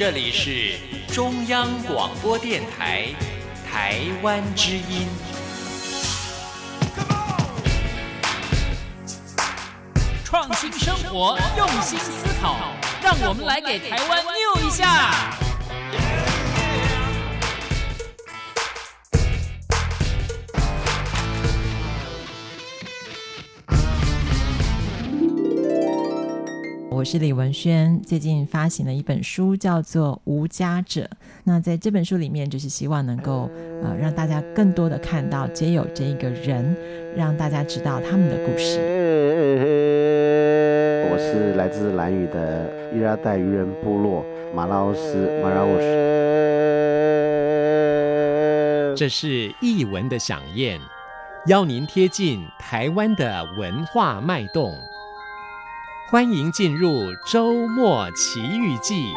這裡是中央廣播電臺《臺灣之音》。創新生活，用心思考，讓我們來給臺灣 new 一下。我是李文軒，最近發行了一本書，叫做《無家者》。那在這本書裡面，就是希望能夠呃讓大家更多的看到，街友這一個人，讓大家知道他們的故事。我是來自蘭嶼的伊拉代漁人部落馬拉奧斯馬拉奧斯。這是藝文的饗宴，邀您貼近台灣的文化脈動。歡迎進入《週末奇遇記》，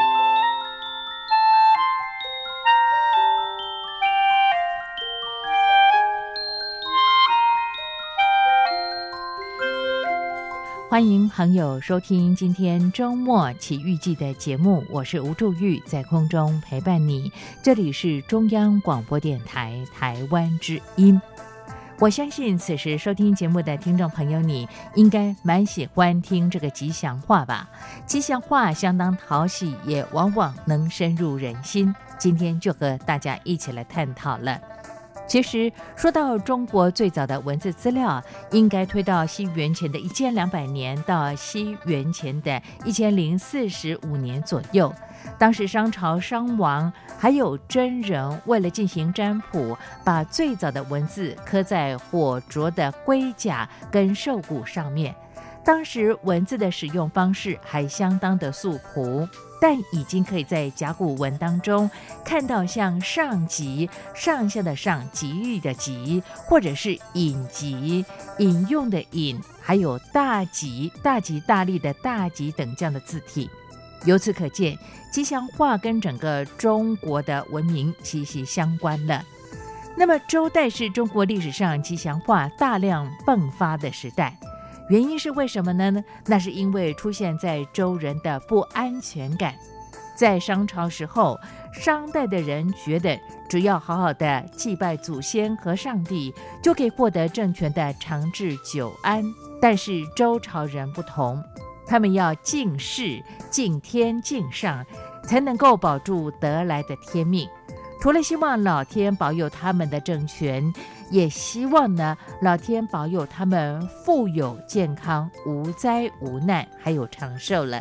歡迎朋友收聽今天《週末奇遇記》的節目，我是吳祝玉，在空中陪伴你，這裡是中央廣播電台台灣之音。我相信此時收聽節目的聽眾朋友，你應該蠻喜歡聽這個吉祥話吧？吉祥話相當討喜，也往往能深入人心。今天就和大家一起來探討了。其實說到中國最早的文字資料，應該推到西元前的一千兩百年到西元前的一千零四十五年左右。當時商朝商王還有真人為了進行占卜，把最早的文字刻在火灼的龜甲跟獸骨上面。當時文字的使用方式還相當的素樸，但已經可以在甲骨文當中看到像上吉，上下的上、吉，吉語的吉，或者是引吉，引用的引，還有大吉、大吉大利的大吉等這樣的字體。由此可見，吉祥話跟整個中國的文明息息相關了。那麼，周代是中國歷史上吉祥話大量迸發的時代，原因是為什麼呢？那是因為出現在周人的不安全感。在商朝時候，商代的人覺得只要好好的祭拜祖先和上帝，就可以獲得政權的長治久安。但是周朝人不同。他們要敬事、敬天、敬上，才能夠保住得來的天命。除了希望老天保佑他們的政權，也希望呢老天保佑他們富有、健康、無災無難，還有長壽了。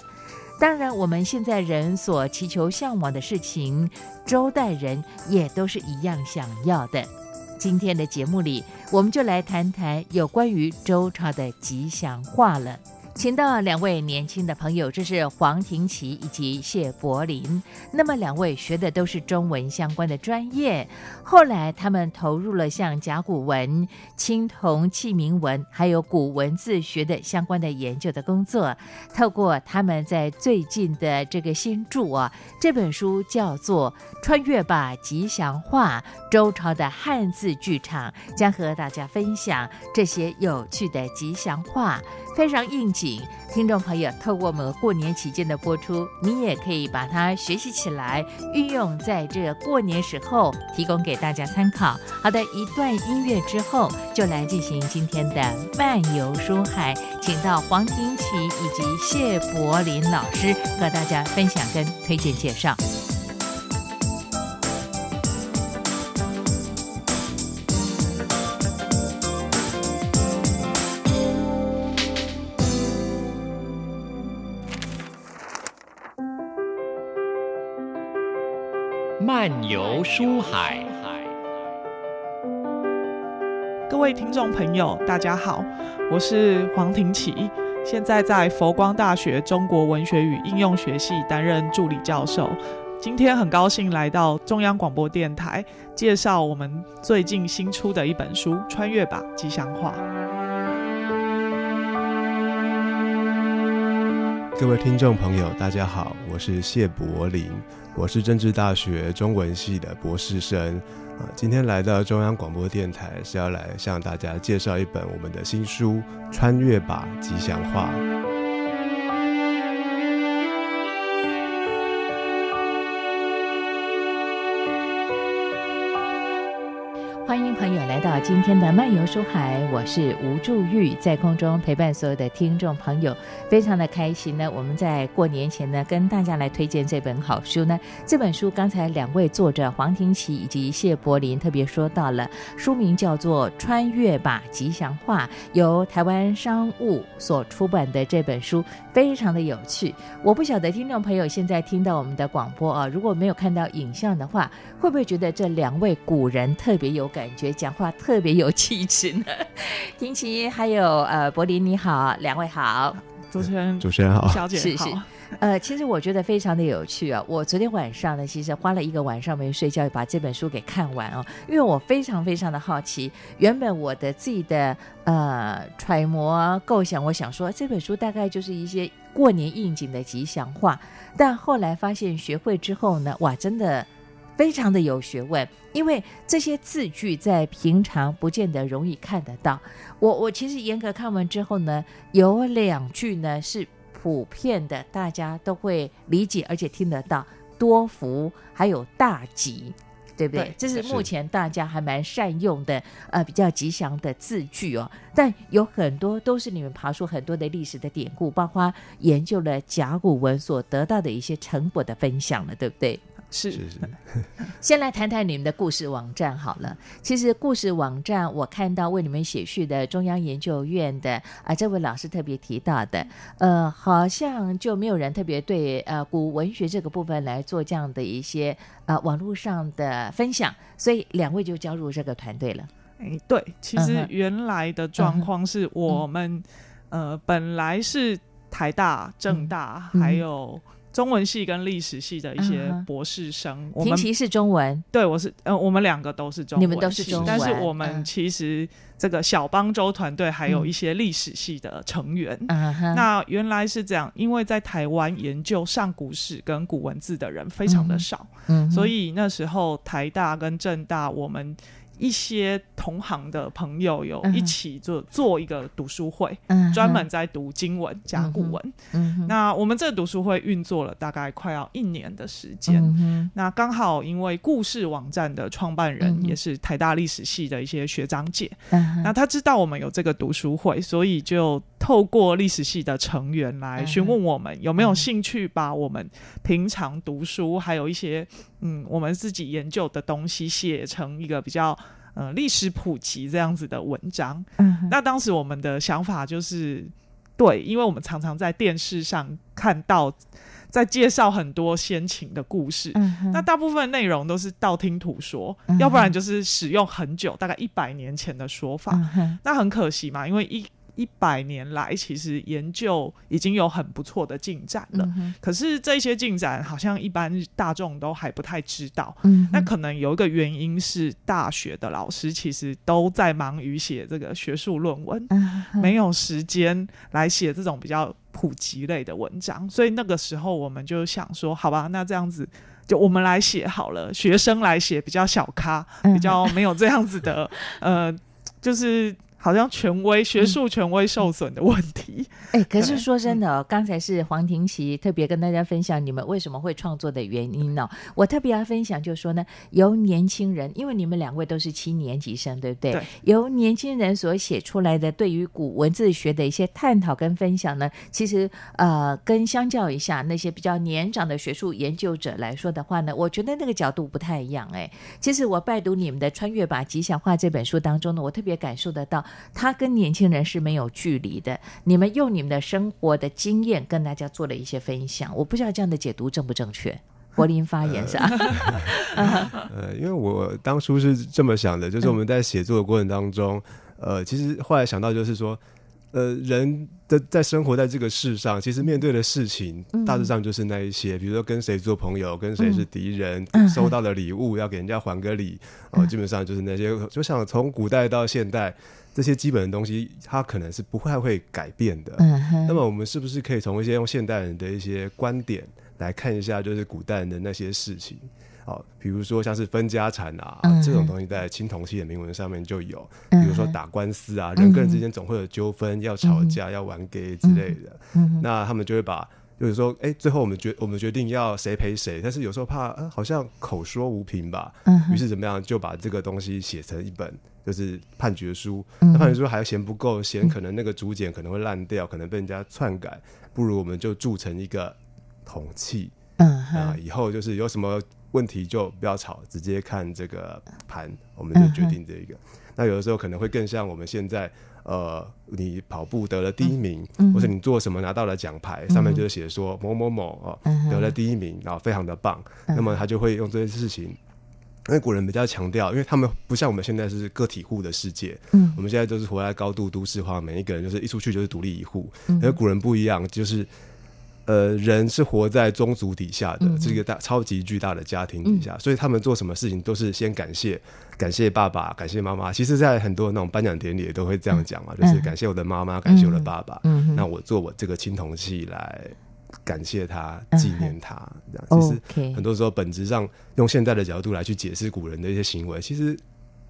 當然，我們現在人所祈求、向往的事情，周代人也都是一樣想要的。今天的節目裡，我們就來談談有關於周朝的吉祥話了。請到兩位年輕的朋友，這是黃庭琦以及謝柏林。那麼兩位學的都是中文相關的專業，後來他們投入了像甲骨文、青銅器銘文，還有古文字學的相關的研究的工作。透過他們在最近的這個新著啊，這本書叫做《穿越吧吉祥話：周朝的漢字劇場》，將和大家分享這些有趣的吉祥話。非常應景，聽眾朋友，透過我們過年期間的播出，你也可以把它學習起來，運用在這過年時候，提供給大家參考。好的，一段音樂之後，就來進行今天的漫遊書海，請到黃庭琪以及謝柏林老師和大家分享跟推薦介紹。書海，各位聽眾朋友，大家好，我是黃庭奇，現在在佛光大學中國文學與應用學系擔任助理教授。今天很高興來到中央廣播電台，介紹我們最近新出的一本書《穿越吧吉祥話》。各位聽眾朋友，大家好，我是謝柏林，我是政治大學中文系的博士生，啊，今天來到中央廣播電臺是要來向大家介紹一本我們的新書《穿越吧吉祥話》。朋友來到今天的漫遊書海，我是吳祝玉，在空中陪伴所有的聽眾朋友，非常的開心呢。我們在過年前呢，跟大家來推薦這本好書呢。這本書剛才兩位作者黃庭琦以及謝柏林特別說到了，書名叫做《穿越吧吉祥話》，由臺灣商務所出版的這本書非常的有趣。我不曉得聽眾朋友現在聽到我們的廣播啊，如果沒有看到影像的話，會不會覺得這兩位古人特別有感覺？講話特別有氣質呢，婷琪還有呃柏林你好，兩位好。主持人，主持人好，小姐好，是是。呃，其實我覺得非常的有趣啊，哦。我昨天晚上呢，其實花了一個晚上沒睡覺，把這本書給看完哦，因為我非常非常的好奇。原本我的自己的呃揣摩構想，我想說這本書大概就是一些過年應景的吉祥話，但後來發現學會之後呢，哇，真的。非常的有學問，因為這些字句在平常不見得容易看得到。我我其實嚴格看完之後呢，有兩句呢是普遍的，大家都會理解而且聽得到“多福”還有“大吉”，對不對，對？這是目前大家還蠻善用的，呃，比較吉祥的字句哦。但有很多都是你們爬出很多的歷史的典故，包括研究了甲骨文所得到的一些成果的分享了，對不對？是，是，是 先來談談你們的故事網站好了。其實故事網站，我看到為你們寫序的中央研究院的啊這位老師特別提到的，呃，好像就沒有人特別對呃古文學這個部分來做這樣的一些啊、呃、網絡上的分享，所以兩位就加入這個團隊了。哎，對，其實原來的狀況是我們、嗯嗯嗯、呃本來是台大、政大、嗯嗯、還有。中文系跟歷史系的一些博士生，我們、uh、其實 -huh. 是中文，對我是呃、嗯，我們兩個都是中文，你們都是中文，但是我們其實這個小邦周團隊還有一些歷史系的成員。Uh -huh. 那原來是這樣，因為在台灣研究上古史跟古文字的人非常的少，uh -huh. 所以那時候台大跟政大我們。一些同行的朋友有一起做做一個讀書會，專、uh -huh. 門在讀經文、uh -huh. 甲骨文。Uh -huh. Uh -huh. 那我們這個讀書會運作了大概快要一年的時間。Uh -huh. 那剛好因為故事網站的創辦人也是台大歷史系的一些學長姐，uh -huh. 那他知道我們有這個讀書會，所以就。透過歷史系的成員來詢問我們有沒有興趣把我們平常讀書、uh -huh. 還有一些嗯我們自己研究的東西寫成一個比較嗯、呃、歷史普及這樣子的文章。Uh -huh. 那當時我們的想法就是對，因為我們常常在電視上看到在介紹很多先秦的故事，uh -huh. 那大部分內容都是道聽途說，uh -huh. 要不然就是使用很久大概一百年前的說法。Uh -huh. 那很可惜嘛，因為一。一百年來，其實研究已經有很不錯的進展了、嗯。可是這些進展好像一般大眾都還不太知道。那、嗯、可能有一個原因是，大學的老師其實都在忙於寫這個學術論文、嗯，沒有時間來寫這種比較普及類的文章。所以那個時候，我們就想說，好吧，那這樣子就我們來寫好了，學生來寫比較小咖，比較沒有這樣子的，嗯、呃，就是。好像權威學術權威受損的問題。哎、嗯嗯嗯欸，可是說真的哦、喔，剛才是黃庭奇特別跟大家分享你們為什麼會創作的原因呢、喔？我特別要分享，就是說呢，由年輕人，因為你們兩位都是七年級生，對不對？對由年輕人所寫出來的對於古文字學的一些探討跟分享呢，其實呃，跟相較一下那些比較年長的學術研究者來說的話呢，我覺得那個角度不太一樣、欸。哎，其實我拜讀你們的《穿越吧吉祥話》這本書當中呢，我特別感受得到。他跟年輕人是沒有距離的。你們用你們的生活的經驗跟大家做了一些分享，我不知道這樣的解讀正不正確。柏林發言是吧？呃， 呃呃因為我當初是這麼想的，就是我們在寫作的過程當中，嗯、呃，其實後來想到就是說，呃，人的在生活在這個世上，其實面對的事情大致上就是那一些，嗯，比如說跟誰做朋友，跟誰是敵人，嗯，收到的禮物，嗯、要給人家還個禮，啊、呃嗯，基本上就是那些。就像從古代到現代。這些基本的東西，它可能是不太會改變的。嗯、那麼我們是不是可以從一些用現代人的一些觀點來看一下，就是古代人的那些事情？哦，比如說像是分家產啊、嗯、這種東西，在青銅器的銘文上面就有、嗯。比如說打官司啊，嗯、人跟人之間總會有糾紛、嗯，要吵架，嗯、要玩給之類的、嗯。那他們就會把，就是說，哎、欸，最後我們決我們決定要誰賠誰，但是有時候怕、呃、好像口說無憑吧。於是怎麼樣就把這個東西寫成一本。就是判決書，嗯、判決書還嫌不夠，嫌可能那個竹簡可能會爛掉、嗯，可能被人家篡改，不如我們就鑄成一個銅器，啊、嗯呃，以後就是有什麼問題就不要吵，直接看這個盤，我們就決定這一個、嗯。那有的時候可能會更像我們現在，呃，你跑步得了第一名，嗯、或者你做什麼拿到了獎牌、嗯，上面就寫說某某某哦，得、呃、了、嗯呃、第一名，然、呃、後非常的棒、嗯，那麼他就會用這件事情。因、那、為、個、古人比較強調，因為他們不像我們現在是個體戶的世界。嗯，我們現在都是活在高度都市化，每一個人就是一出去就是獨立一戶、嗯。而古人不一樣，就是呃，人是活在宗族底下的這、嗯、個大超級巨大的家庭底下、嗯，所以他們做什麼事情都是先感謝感謝爸爸，感謝媽媽。其實，在很多那種頒獎典禮也都會這樣講嘛，就是感謝我的媽媽、嗯，感謝我的爸爸。嗯，那我做我這個青銅器來。感謝他，紀念他，嗯、這樣其實很多時候本質上、okay、用現代的角度來去解釋古人的一些行為，其實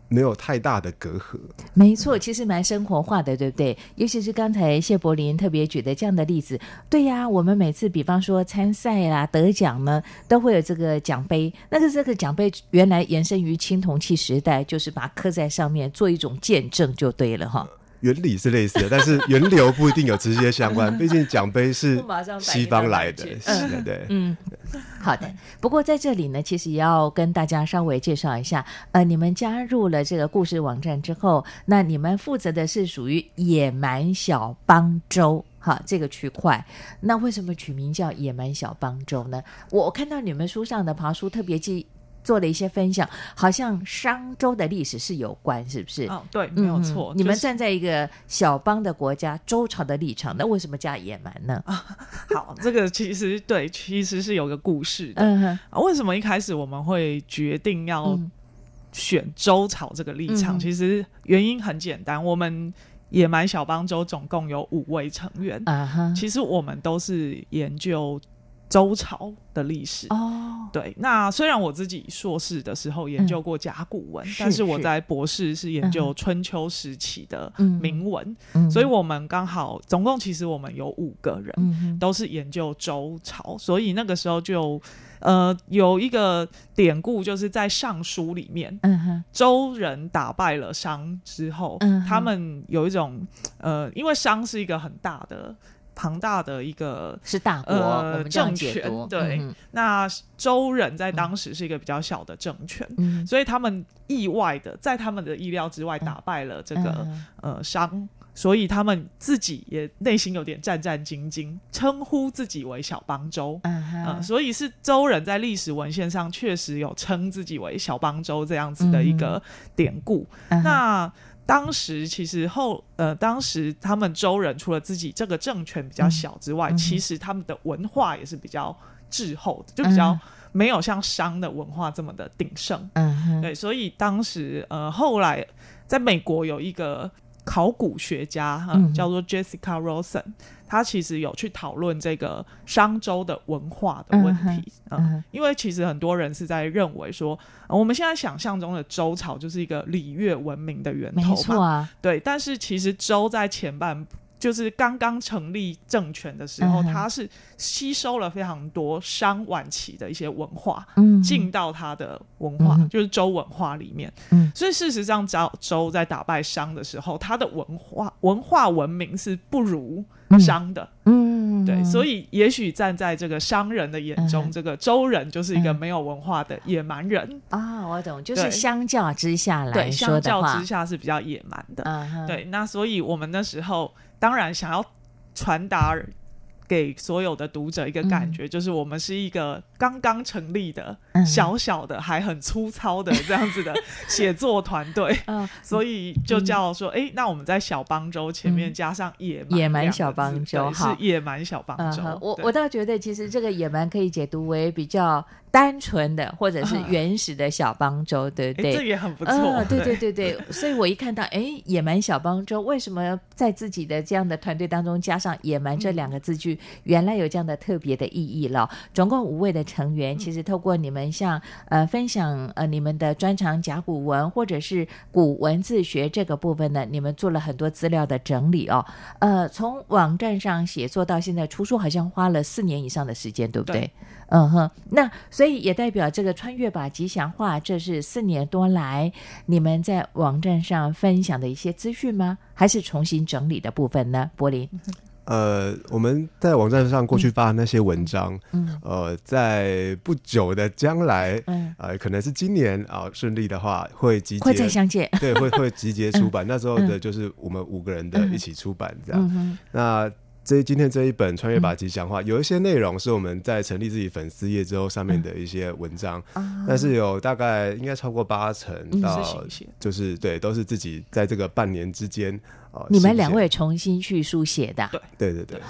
沒有太大的隔閡。沒錯，其實蠻生活化的，對不對？嗯、尤其是剛才謝柏林特別舉的這樣的例子，對呀、啊，我們每次比方說參賽啦、得獎呢，都會有這個獎杯。那個這個獎杯原來延伸於青銅器時代，就是把它刻在上面做一種見證，就對了哈。嗯原理是類似的， 但是源流不一定有直接相關。 畢竟獎杯是西方來的、， 嗯、是的，對，嗯，好的。不過在這裡呢，其實也要跟大家稍微介紹一下。呃，你們加入了這個故事網站之後，那你們負責的是屬於野蠻小邦周哈這個區塊。那為什麼取名叫野蠻小邦周呢？我看到你們書上的爬書特別記。做了一些分享，好像商周的歷史是有關，是不是？哦，對、嗯，沒有錯。你們站在一個小邦的國家、就是、周朝的立場，那為什麼叫野蠻呢？啊、好， 這個其實對，其實是有個故事的、嗯啊。為什麼一開始我們會決定要選周朝這個立場、嗯？其實原因很簡單，我們野蠻小邦周總共有五位成員、嗯，其實我們都是研究。周朝的歷史哦，oh. 對，那雖然我自己碩士的時候研究過甲骨文，嗯、但是我在博士是研究春秋時期的銘文，嗯、所以我們剛好總共其實我們有五個人都是研究周朝、嗯，所以那個時候就呃有一個典故，就是在尚書裡面，嗯周人打敗了商之後，嗯、他們有一種呃，因為商是一個很大的。龐大的一個是大國、呃、政權，對，嗯、那周人在當時是一個比較小的政權，嗯、所以他們意外的在他們的意料之外打敗了這個、嗯、呃商，所以他們自己也內心有點戰戰兢兢，稱呼自己為小邦周，嗯、呃，所以是周人在歷史文獻上確實有稱自己為小邦周這樣子的一個典故，嗯、那。當時其實後呃，當時他們周人除了自己這個政權比較小之外，嗯、其實他們的文化也是比較滯後的，就比較沒有像商的文化這麼的鼎盛。嗯，對，所以當時呃，後來在美國有一個。考古學家哈、嗯、叫做 Jessica Rosen，他、嗯、其實有去討論這個商周的文化的問題嗯、嗯，因為其實很多人是在認為說，嗯、我們現在想象中的周朝就是一個禮樂文明的源頭嘛、啊，對，但是其實周在前半。就是剛剛成立政權的時候、uh -huh.，他是吸收了非常多商晚期的一些文化，嗯，進到他的文化，uh -huh. 就是周文化裡面，嗯、uh -huh.，所以事實上，只要周在打敗商的時候，他的文化文化文明是不如商的，嗯、uh -huh.，對，所以也許站在這個商人的眼中，uh -huh. 這個周人就是一個沒有文化的野蠻人啊，我、uh、懂 -huh.，就是相較之下來說，相較之下是比較野蠻的，uh -huh. 對，那所以我們那時候。當然，想要傳達給所有的讀者一個感覺，嗯、就是我們是一個剛剛成立的、嗯、小小的、還很粗糙的這樣子的寫作團隊， 所以就叫說，嗯、誒那我們在“小邦周”前面加上“野蠻、嗯”，“野蠻小邦周”好是“野蠻小邦周”嗯。我我倒覺得，其實這個“野蠻”可以解讀為比較。單純的或者是原始的小邦周、啊，對不對？這也很不錯。啊、對對對對，所以我一看到，哎，野蠻小邦周， 為什麼在自己的這樣的團隊當中加上“野蠻”這兩個字句、嗯？原來有這樣的特別的意義了、哦。總共五位的成員，嗯、其實透過你們像呃分享呃你們的專長甲骨文或者是古文字學這個部分呢，你們做了很多資料的整理哦。呃，從網站上寫作到現在出書，好像花了四年以上的時間，對不對？對嗯哼，那。所以也代表這個穿越吧吉祥話，這是四年多來你們在網站上分享的一些資訊嗎？還是重新整理的部分呢？柏林，呃，我們在網站上過去發那些文章，嗯，呃，在不久的將來，嗯，呃，可能是今年啊，順利的話會集結，會再相見，對，會會集結出版、嗯，那時候的就是我們五個人的一起出版、嗯、這樣，嗯嗯嗯、那。這今天這一本《穿越吧吉祥話》，嗯、有一些內容是我們在成立自己粉絲頁之後上面的一些文章，嗯啊、但是有大概應該超過八成到，就是嗯，就是對，都是自己在這個半年之間，呃、你們兩位重新去書寫的，啊，對對對對，對，對、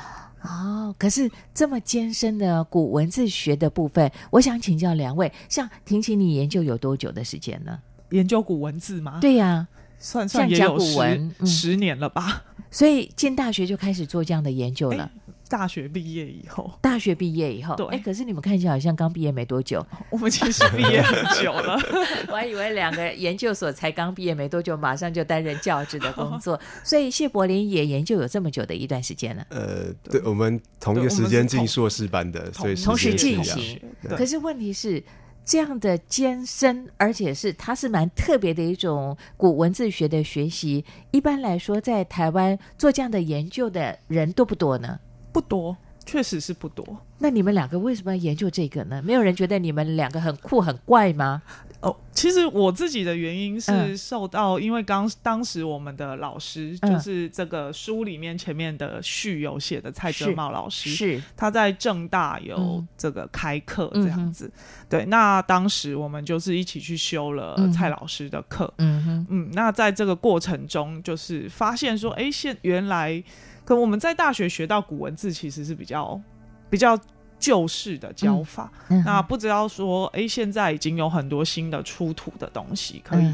哦，可是這麼艱深的古文字學的部分，我想請教兩位，像婷婷，你研究有多久的時間呢？研究古文字嗎？對呀、啊。算算甲骨文，嗯，十年了吧，所以進大學就開始做這樣的研究了。欸，大學畢業以後，大學畢業以後，哎，欸，可是你們看起來好像剛畢業沒多久，我們其實畢業很久了。 我還以為兩個研究所才剛畢業沒多久，馬上就擔任教職的工作。 所以謝柏林也研究有這麼久的一段時間了。呃，對，我們同一個時間進碩士班的，是所以時是同，同時進行。可是問題是。這樣的艱深，而且是它是蠻特別的一種古文字學的學習。一般來說，在台灣做這樣的研究的人多不多呢？不多，確實是不多。那你們兩個為什麼要研究這個呢？沒有人覺得你們兩個很酷很怪嗎？哦，其實我自己的原因是受到，嗯、因為剛當時我們的老師、嗯、就是這個書裡面前面的序有寫的蔡哲茂老師，是，是他在政大有這個開課這樣子、嗯嗯，對，那當時我們就是一起去修了蔡老師的課，嗯哼嗯，那在這個過程中就是發現說，哎、欸，現原來可我們在大學學到古文字其實是比較比較。舊式的教法，嗯嗯，那不知道說，哎、欸，現在已經有很多新的出土的東西可以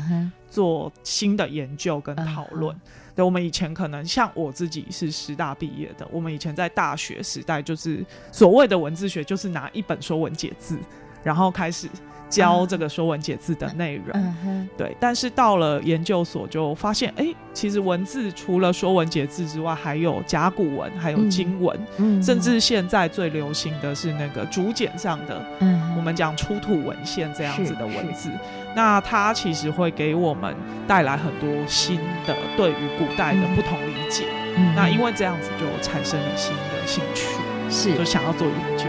做新的研究跟討論，嗯。對，我們以前可能像我自己是師大畢業的，我們以前在大學時代就是所謂的文字學，就是拿一本《說文解字》。然後開始教這個《說文解字》的內容、嗯，對。但是到了研究所，就發現，哎，其實文字除了《說文解字》之外，還有甲骨文，還有金文、嗯，甚至現在最流行的是那個竹簡上的，嗯、我們講出土文獻這樣子的文字。那它其實會給我們帶來很多新的對於古代的不同理解。嗯、那因為這樣子就產生了新的興趣，是，就想要做研究。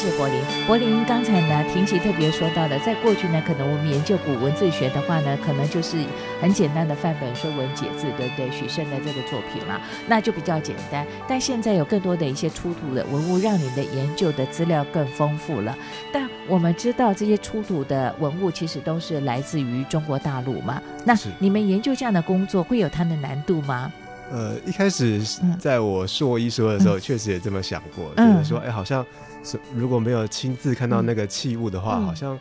謝柏林，柏林剛才呢，婷琪特別說到的，在過去呢，可能我們研究古文字學的話呢，可能就是很簡單的範本，說文解字，對不對？許慎的這個作品嘛、啊，那就比較簡單。但現在有更多的一些出土的文物，讓你的研究的資料更豐富了。但我們知道這些出土的文物其實都是來自於中國大陸嘛。那你們研究這樣的工作會有它的難度嗎？呃，一開始在我碩一說的時候，嗯、確實也這麼想過，就、嗯、是說，哎，好像。是，如果沒有親自看到那個器物的話、嗯，好像，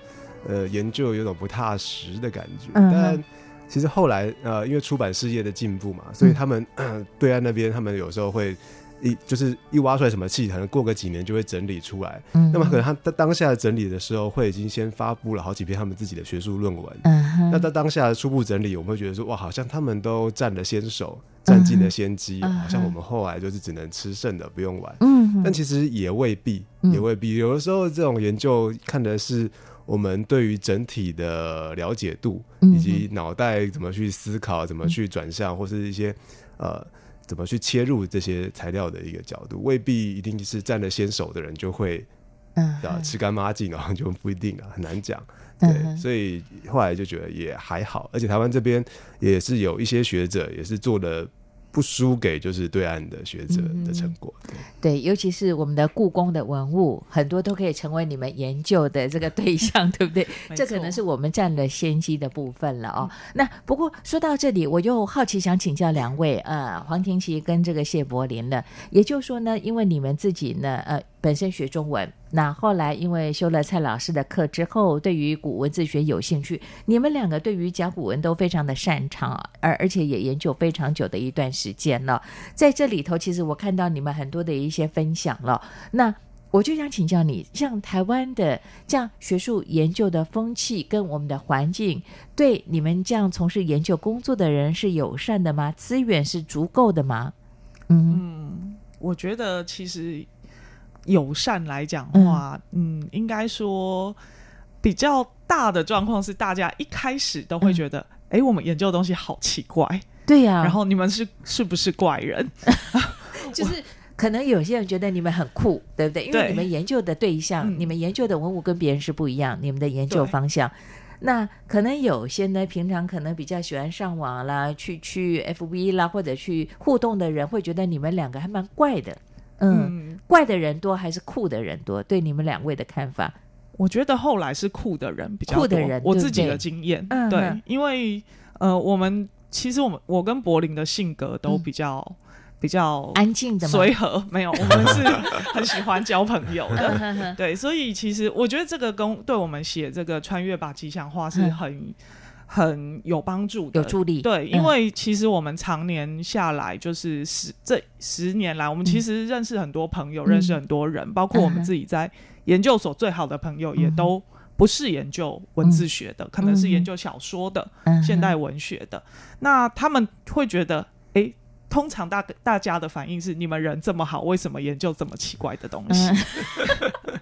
呃，研究有種不踏實的感覺。嗯、但其實後來，呃，因為出版事業的進步嘛、嗯，所以他們、呃、對岸那邊，他們有時候會一就是一挖出來什麼器，可能過個幾年就會整理出來。嗯。那麼可能他當當下整理的時候，會已經先發布了好幾篇他們自己的學術論文、嗯嗯。那在當下初步整理，我們會覺得說，哇，好像他們都佔了先手。占盡的先機，好像我們後來就是只能吃剩的，不用玩。嗯，但其實也未必，也未必。嗯、有的時候，這種研究看的是我們對於整體的了解度，嗯、以及腦袋怎麼去思考，怎麼去轉向、嗯，或是一些呃，怎麼去切入這些材料的一個角度，未必一定是占了先手的人就會，啊、嗯，吃乾抹淨，然後就不一定了，很難講。對、嗯，所以後來就覺得也還好。而且台灣這邊也是有一些學者也是做的。不輸給就是對岸的學者的成果，嗯、對，對，尤其是我們的故宮的文物，很多都可以成為你們研究的這個對象， 對不對？這可能是我們占了先機的部分了哦、喔嗯。那不過說到這裡，我又好奇想請教兩位，呃，黃庭奇跟這個謝柏林呢。也就是說呢，因為你們自己呢，呃，本身學中文。那後來，因為修了蔡老師的課之後，對於古文字學有興趣。你們兩個對於甲骨文都非常的擅長，而而且也研究非常久的一段時間了。在這裡頭，其實我看到你們很多的一些分享了。那我就想請教你，像台灣的這樣學術研究的風氣，跟我們的環境，對你們這樣從事研究工作的人是友善的嗎？資源是足夠的嗎？嗯，嗯，我覺得其實。友善來講的話，嗯，嗯應該說比較大的狀況是，大家一開始都會覺得，哎、嗯欸，我們研究的東西好奇怪，對呀、啊。然後你們是是不是怪人？ 就是可能有些人覺得你們很酷，對不對？對因為你們研究的對象、嗯、你們研究的文物跟別人是不一樣，你們的研究方向。那可能有些呢，平常可能比較喜歡上網啦、去去 F B 啦，或者去互動的人，會覺得你們兩個還蠻怪的。嗯，怪的人多還是酷的人多？對你們兩位的看法，我覺得後來是酷的人比較酷的人，我自己的經驗、嗯，對，因為呃，我們其實我們我跟柏林的性格都比較、嗯、比較安靜的嘛隨和，沒有，我們是很喜歡交朋友的， 對，嗯、哼哼對，所以其實我覺得這個跟對我們寫這個穿越吧吉祥話是很。嗯很有幫助的，有助力。對，嗯、因為其實我們常年下來，就是十這十年來，我們其實認識很多朋友，嗯、認識很多人、嗯，包括我們自己在研究所最好的朋友，嗯、也都不是研究文字學的，嗯、可能是研究小說的、嗯、現代文學的、嗯。那他們會覺得，哎、欸，通常大大家的反應是、嗯，你們人這麼好，為什麼研究這麼奇怪的東西？嗯、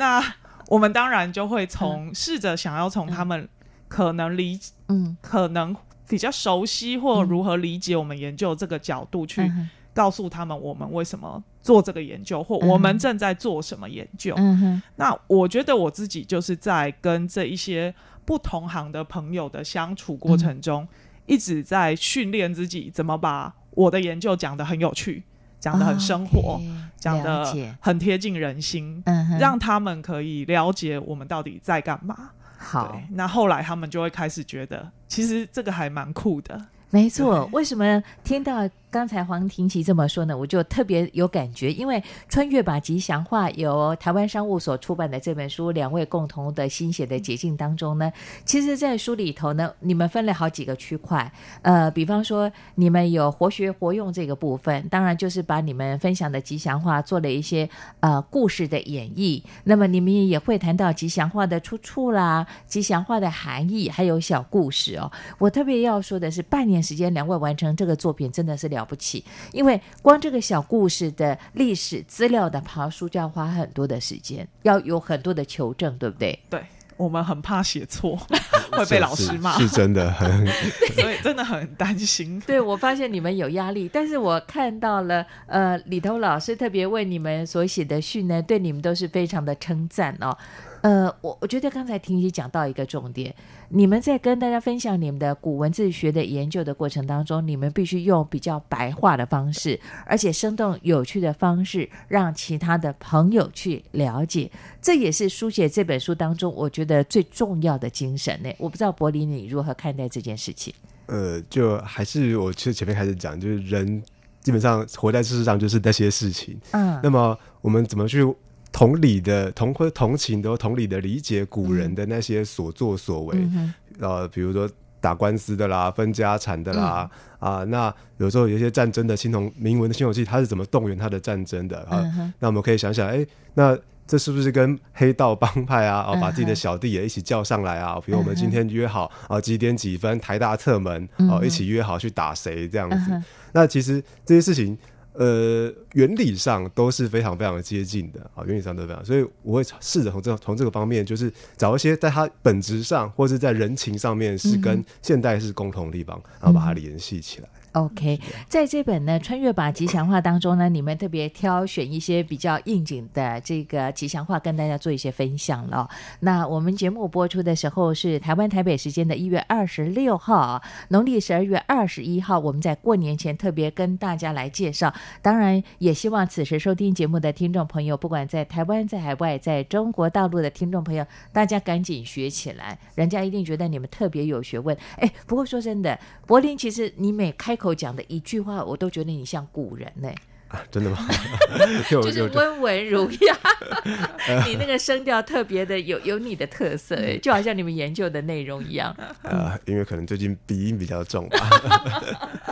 那我們當然就會從試着想要從他們。嗯可能理，嗯，可能比較熟悉或如何理解我們研究這個角度，去告訴他們我們為什麼做這個研究，嗯、或我們正在做什麼研究、嗯。那我覺得我自己就是在跟這一些不同行的朋友的相處過程中，一直在訓練自己怎麼把我的研究講得很有趣，講、嗯、得很生活，講、嗯、得很貼近人心、嗯，讓他們可以了解我們到底在幹嘛。好對，那後來他們就會開始覺得，其實這個還蠻酷的。沒錯，對，為什麼聽到？剛才黃庭琦這麼說呢，我就特別有感覺，因為《穿越吧吉祥話》由台灣商務所出版的這本書，兩位共同的心血的結晶當中呢，其實，在書裡頭呢，你們分了好幾個區塊，呃，比方說你們有活學活用這個部分，當然就是把你們分享的吉祥話做了一些呃故事的演繹，那麼你們也會談到吉祥話的出處啦、吉祥話的含義，還有小故事哦。我特別要說的是，半年時間兩位完成這個作品，真的是了。了不起，因為光這個小故事的歷史資料的爬書就要花很多的時間，要有很多的求證，對不對？對，我們很怕寫錯， 會被老師罵，是，是，是真的很， 所以真的很擔心。對，我發現你們有壓力，但是我看到了，呃，李濤老師特別為你們所寫的序呢，對你們都是非常的稱讚哦。呃，我我覺得剛才聽你講到一個重點，你們在跟大家分享你們的古文字學的研究的過程當中，你們必須用比較白話的方式，而且生動有趣的方式，讓其他的朋友去了解。這也是書寫這本書當中，我覺得最重要的精神呢。我不知道柏林，你如何看待這件事情？呃，就還是我其實前面開始講，就是人基本上活在世上就是那些事情。嗯，那麼我們怎麼去？同理的、同或同情的、同理的理解古人的那些所作所為、嗯，呃，比如說打官司的啦、分家產的啦，啊、嗯呃，那有時候有一些戰爭的青銅銘文的青銅器，它是怎麼動員它的戰爭的啊、呃嗯？那我們可以想想，哎，那這是不是跟黑道幫派啊？哦、呃，把自己的小弟也一起叫上來啊？比如我們今天約好啊、呃，幾點幾分，台大側門，哦、呃嗯，一起約好去打誰這樣子、嗯？那其實這些事情。呃，原理上都是非常非常的接近的啊、哦，原理上都非常，所以我會試着從這從這個方面，就是找一些在它本質上或者在人情上面是跟現代是共同的地方、嗯，然後把它聯繫起來。嗯 OK，在這本呢《穿越吧吉祥話》當中呢，你們特別挑選一些比較應景的這個吉祥話，跟大家做一些分享了。那我們節目播出的時候是台灣台北時間的一月二十六號，農曆十二月二十一號，我們在過年前特別跟大家來介紹。當然，也希望此時收聽節目的聽眾朋友，不管在台灣、在海外、在中國大陸的聽眾朋友，大家趕緊學起來，人家一定覺得你們特別有學問。哎，不過說真的，柏林其實你每開口口講的一句話，我都覺得你像古人呢。啊，真的嗎？ 就是溫文儒雅， 你那個聲調特別的有 有你的特色哎，就好像你們研究的內容一樣。啊，因為可能最近鼻音比較重吧。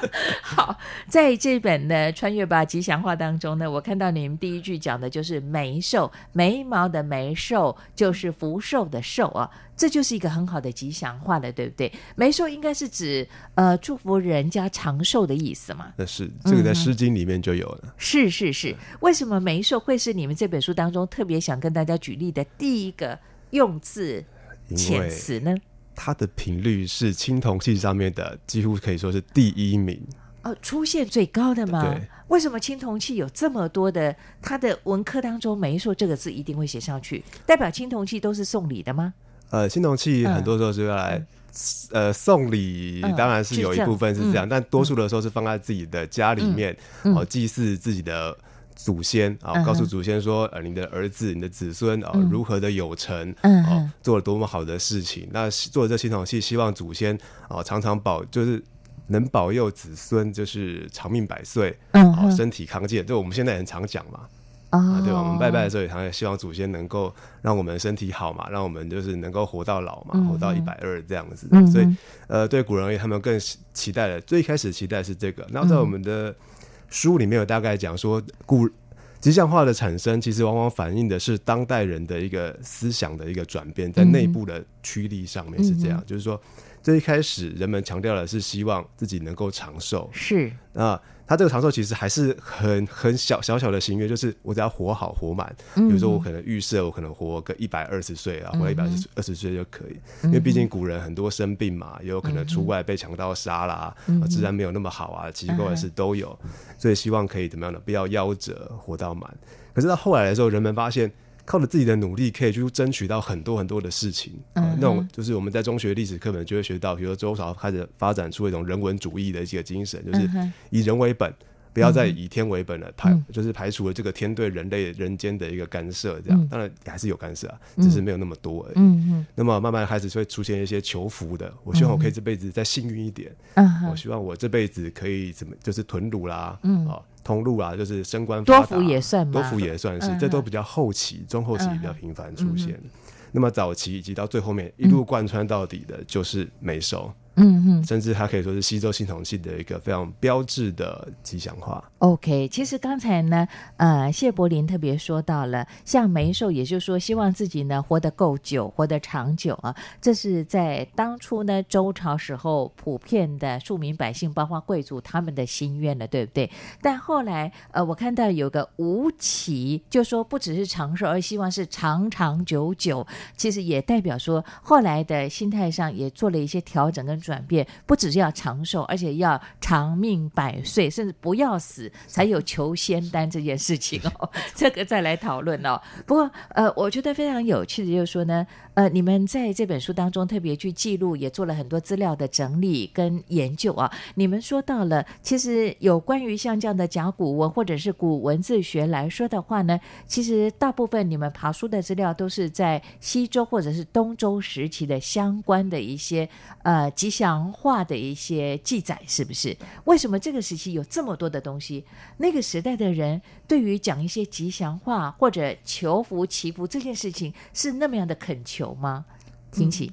好，在這本的《穿越吧吉祥話》當中呢，我看到你們第一句講的就是“眉壽”，眉毛的“眉壽”就是福壽的“壽”啊。這就是一個很好的吉祥話了，對不對？眉壽應該是指呃，祝福人家長壽的意思嘛？那是這個在《詩經》裡面就有了，嗯。是是是，為什麼眉壽會是你們這本書當中特別想跟大家舉例的第一個用字遣詞呢？它的頻率是青銅器上面的，幾乎可以說是第一名。哦、呃，出現最高的嗎？對。為什麼青銅器有這麼多的？它的文科當中，眉壽這個字一定會寫上去，代表青銅器都是送禮的嗎？呃，青銅器很多時候是要來、嗯嗯、呃送禮，當然是有一部分是這樣，嗯、但多數的時候是放在自己的家裡面，哦、嗯嗯呃、祭祀自己的祖先啊、呃嗯，告訴祖先說、嗯嗯，呃，你的兒子、你的子孫哦、呃，如何的有成，哦、呃、做了多麼好的事情。那、嗯嗯嗯呃嗯、做這青銅器，希望祖先哦、呃、常常保，就是能保佑子孫，就是長命百歲、呃嗯，嗯，身體康健，就我們現在也很常講嘛。啊，對，我們拜拜的時候也常、常希望祖先能夠讓我們身體好嘛，讓我們就是能夠活到老嘛，嗯、活到一百二這樣子、嗯。所以，呃，對古人而言他們更期待的，最開始期待的是這個。那在我們的書裡面有大概講說古、古吉祥話的產生其實往往反映的是當代人的一個思想的一個轉變，在內部的驅力上面是這樣，嗯嗯、就是說，最開始人們強調的是希望自己能夠長壽，是、啊他這個長壽其實還是很很小小小的心願，就是我只要活好活滿，嗯。比如說我可能預設我可能活個一百二十歲啊，嗯、活一百二十歲就可以，嗯、因為畢竟古人很多生病嘛，也有可能出外被強盜殺啦，自、嗯、然、啊、沒有那麼好啊，其實各種事都有、嗯。所以希望可以怎麼樣的，不要夭折，活到滿。可是到後來的時候，人們發現。靠着自己的努力，可以去爭取到很多很多的事情。Uh -huh. 嗯、那我們就是我們在中學歷史課本就會學到，比如說周朝開始發展出一種人文主義的一些精神，就是以人為本，uh -huh. 不要再以天為本了，uh -huh. 排，就是排除了這個天對人類人間的一個干涉。這樣、uh -huh. 當然也還是有干涉、啊，uh -huh. 只是沒有那麼多而已。Uh -huh. 那麼慢慢開始會出現一些求福的，我希望我可以這輩子再幸運一點。Uh -huh. 我希望我這輩子可以怎麼就是屯土啦。嗯、uh -huh. 哦。同路啊，就是升官發達，多福也算嗎？多福也算是，嗯嗯，這都比較後期、中後期比較頻繁出現嗯嗯。那麼早期以及到最後面一路貫穿到底的，就是眉壽。嗯嗯嗯哼，甚至它可以說是西周系統性的一個非常標誌的吉祥話。OK，其實剛才呢，呃，謝柏林特別說到了像眉壽，也就是說希望自己呢活得夠久，活得長久啊，這是在當初呢周朝時候普遍的庶民百姓，包括貴族他們的心願了，對不對？但後來，呃，我看到有個無期就說，不只是長壽，而希望是長長久久，其實也代表說後來的心態上也做了一些調整跟。轉變，不只是要長壽，而且要長命百歲，甚至不要死，才有求仙丹這件事情哦。這個再來討論哦。不過呃，我覺得非常有趣的，就是說呢，呃，你們在這本書當中特別去記錄，也做了很多資料的整理跟研究啊。你們說到了，其實有關於像這樣的甲骨文或者是古文字學來說的話呢，其實大部分你們爬書的資料都是在西周或者是東周時期的相關的一些呃祥話的一些記載，是不是？為什麼這個時期有這麼多的東西？那個時代的人對於講一些吉祥話或者求福祈福這件事情，是那麼樣的懇求嗎？嗯、聽起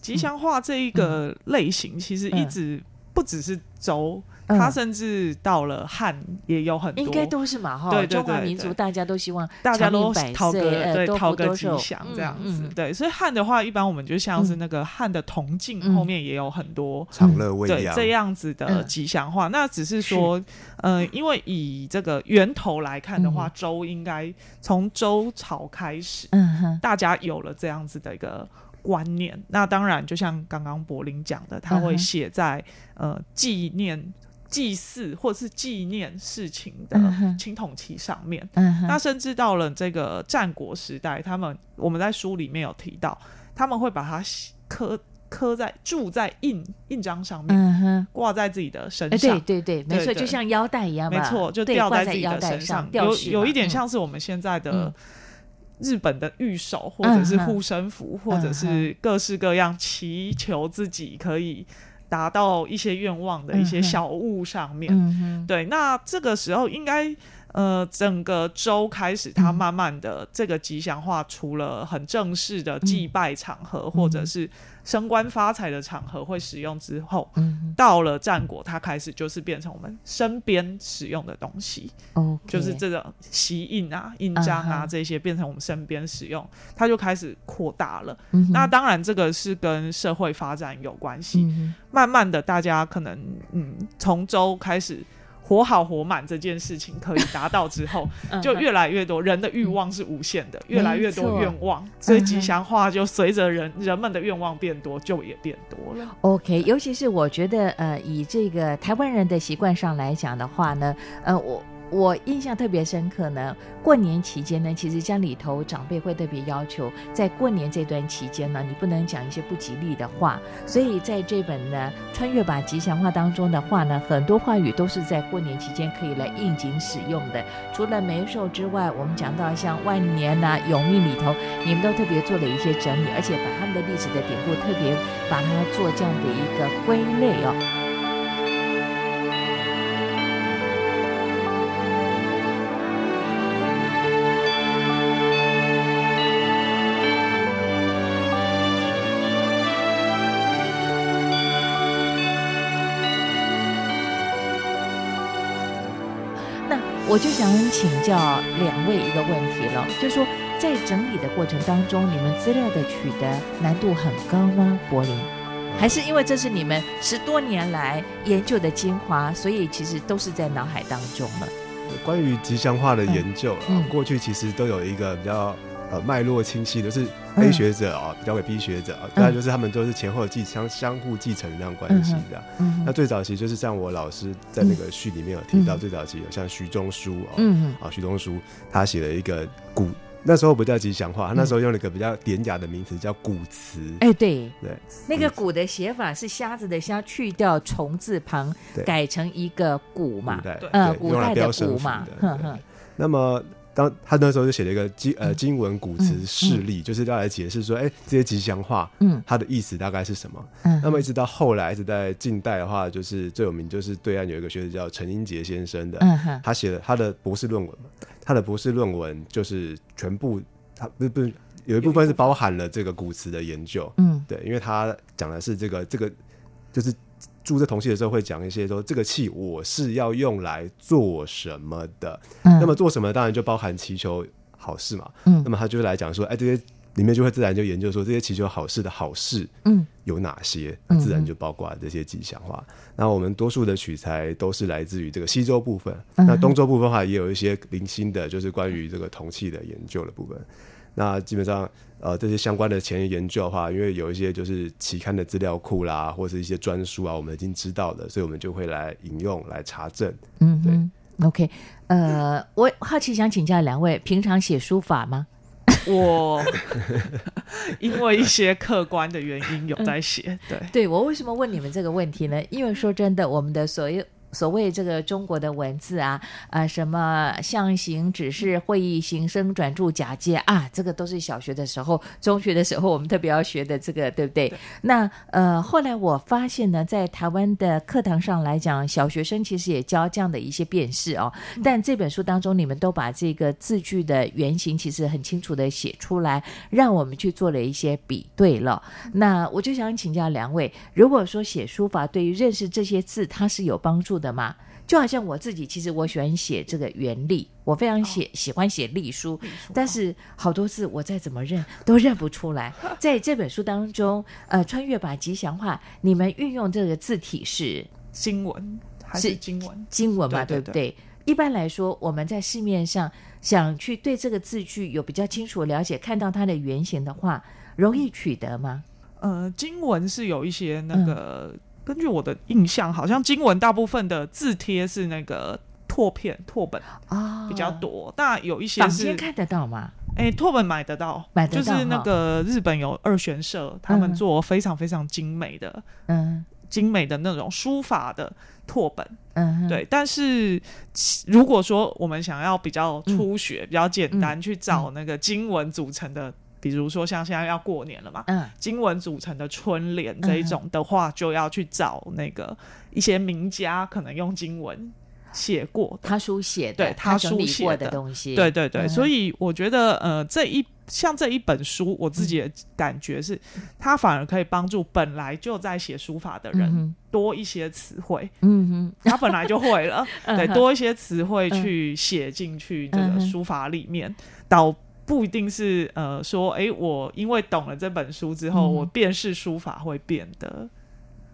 吉祥話這一個類型、嗯、其實一直不只是周。嗯嗯嗯、他甚至到了漢也有很多，應該都是嘛哈。對，對，對，對，對中華民族大家都希望大家都討個，呃、對討個吉祥這樣子。嗯嗯、對，所以漢的話，一般我們就像是那個漢的銅鏡後面也有很多長樂未央這樣子的吉祥話。嗯、那只是說是，呃嗯，因為以這個源頭來看的話，周、嗯、應該從周朝開始，嗯哼，大家有了這樣子的一個觀念。嗯、那當然，就像剛剛柏林講的，他會寫在，嗯、呃紀念。祭祀或是紀念事情的青銅器上面，嗯嗯，那甚至到了這個戰國時代，他們我們在書裡面有提到，他們會把它刻刻在鑄在印印章上面，掛在自己的身上。嗯欸、對對對，沒錯，就像腰帶一樣，沒錯，就吊在自己的身上。上有有一點像是我們現在的日本的御守，嗯，或者是護身符，嗯，或者是各式各樣祈求自己可以。達到一些願望的一些小物上面，嗯嗯、對，那這個時候應該。呃，整個周開始，它慢慢的這個吉祥話，除了很正式的祭拜場合、嗯、或者是升官發財的場合會使用之後，嗯、到了戰國，它開始就是變成我們身邊使用的東西，嗯、就是這個璽印啊、印章啊這些變成我們身邊使用、嗯，它就開始擴大了、嗯。那當然，這個是跟社會發展有關係、嗯，慢慢的大家可能嗯，從周開始。活好活滿這件事情可以達到之後、 嗯，就越來越多人的欲望是無限的，嗯、越來越多願望，所以吉祥話就隨着人、嗯、人們的願望變多，就也變多了。OK，尤其是我覺得，呃，以這個台灣人的習慣上來講的話呢，呃，我。我印象特別深刻呢。過年期間呢，其實家裡頭長輩會特別要求，在過年這段期間呢，你不能講一些不吉利的話。所以在這本呢《穿越吧吉祥話》當中的話呢，很多話語都是在過年期間可以來應景使用的。除了“眉壽”之外，我們講到像“萬年”吶、“永命”裡頭，你們都特別做了一些整理，而且把他們的歷史的典故特別把它做這樣的一個歸類哦。我就想請教兩位一個問題了，就說在整理的過程當中，你們資料的取得難度很高嗎？柏林，還是因為這是你們十多年來研究的精華，所以其實都是在腦海當中了。關於吉祥話的研究，嗯啊，過去其實都有一個比較呃脈絡清晰的是。A 學者啊，交、嗯、給 B 學者，大概、嗯、就是他們都是前後繼相相互繼承的那樣關係、嗯嗯、那最早期就是像我老師在那個序裡面有提到，嗯、最早期有像徐中書、嗯、哦，啊徐中書他寫了一個古，嗯、那時候不叫吉祥話，他那時候用了一個比較典雅的名詞叫古詞。哎、嗯，對對，那個古的寫法是蝦子的蝦去掉蟲字旁，改成一個古嘛，呃、嗯嗯，古代的古嘛。對嗯、呵呵對那麼。當他那時候就寫了一個經呃經文古詞事例，嗯嗯嗯，就是要來解釋說，哎，欸，這些吉祥話，嗯，它的意思大概是什麼？嗯嗯，那麼一直到後來是在近代的話，就是最有名就是對岸有一個學者叫陳英傑先生的，嗯，他寫了他的博士論文，他的博士論文就是全部，他不是不是有一部分是包含了這個古詞的研究，嗯，對，因為他講的是這個這個就是。鑄這銅器的時候會講一些說，說這個器我是要用來做什麼的。嗯、那麼做什麼，當然就包含祈求好事嘛。嗯，那麼他就來講說，哎，這些裡面就會自然就研究說，這些祈求好事的好事，嗯，有哪些、嗯？那自然就包括了這些吉祥話、嗯。那我們多數的取材都是來自於這個西周部分，那東周部分的話也有一些零星的，就是關於這個銅器的研究的部分。那基本上。呃，這些相關的前沿研究的話，因為有一些就是期刊的資料庫啦，或者一些專書啊，我們已經知道的，所以我們就會來引用來查證。嗯嗯，OK，呃，我好奇想請教兩位，平常寫書法嗎？我 因為一些客觀的原因有在寫，對， 嗯、對，我為什麼問你們這個問題呢？因為說真的，我們的所有。所謂這個中國的文字啊，啊什麼象形、指事、會意、形聲、轉注、假借啊，這個都是小學的時候、中學的時候我們特別要學的，這個對不對？對那，呃，後來我發現呢，在台灣的課堂上來講，小學生其實也教這樣的一些辨識哦、嗯。但這本書當中，你們都把這個字句的原型其實很清楚的寫出來，讓我們去做了一些比對了、嗯。那我就想請教兩位，如果說寫書法對於認識這些字，它是有幫助的的嘛，就好像我自己，其實我喜歡寫這個原力。我非常寫、哦、喜歡寫隸書,書，但是好多字我再怎麼認 都認不出來。在這本書當中，呃，穿越吧吉祥話，你們運用這個字體是金文還是金文？金文嘛對對對，對不對？一般來說，我們在市面上想去對這個字句有比較清楚了解，看到它的原型的話，容易取得嗎？嗯、呃，金文是有一些那個。嗯根據我的印象，好像金文大部分的字帖，是那個拓片、拓本比較多。那、哦、有一些是看得到嗎？欸、拓本買得到，買得到、哦。就是那個日本有二玄社、嗯，他們做非常非常精美的，嗯，精美的那種書法的拓本、嗯。對。但是如果說我們想要比較初學、嗯、比較簡單、嗯，去找那個金文組成的。比如說像現在要過年了嘛，嗯，金文組成的春聯這一種的話、嗯，就要去找那個一些名家可能用金文寫過他書寫的，對，他書寫的，的東西，對對對、嗯。所以我覺得，呃，這一像這一本書，我自己的感覺是，嗯、他反而可以幫助本來就在寫書法的人多一些詞彙。嗯哼，他本來就會了，嗯、對、嗯，多一些詞彙去寫進去這個書法裡面，嗯、到。不一定是呃，說哎，我因為懂了這本書之後，嗯、我辨識書法會變得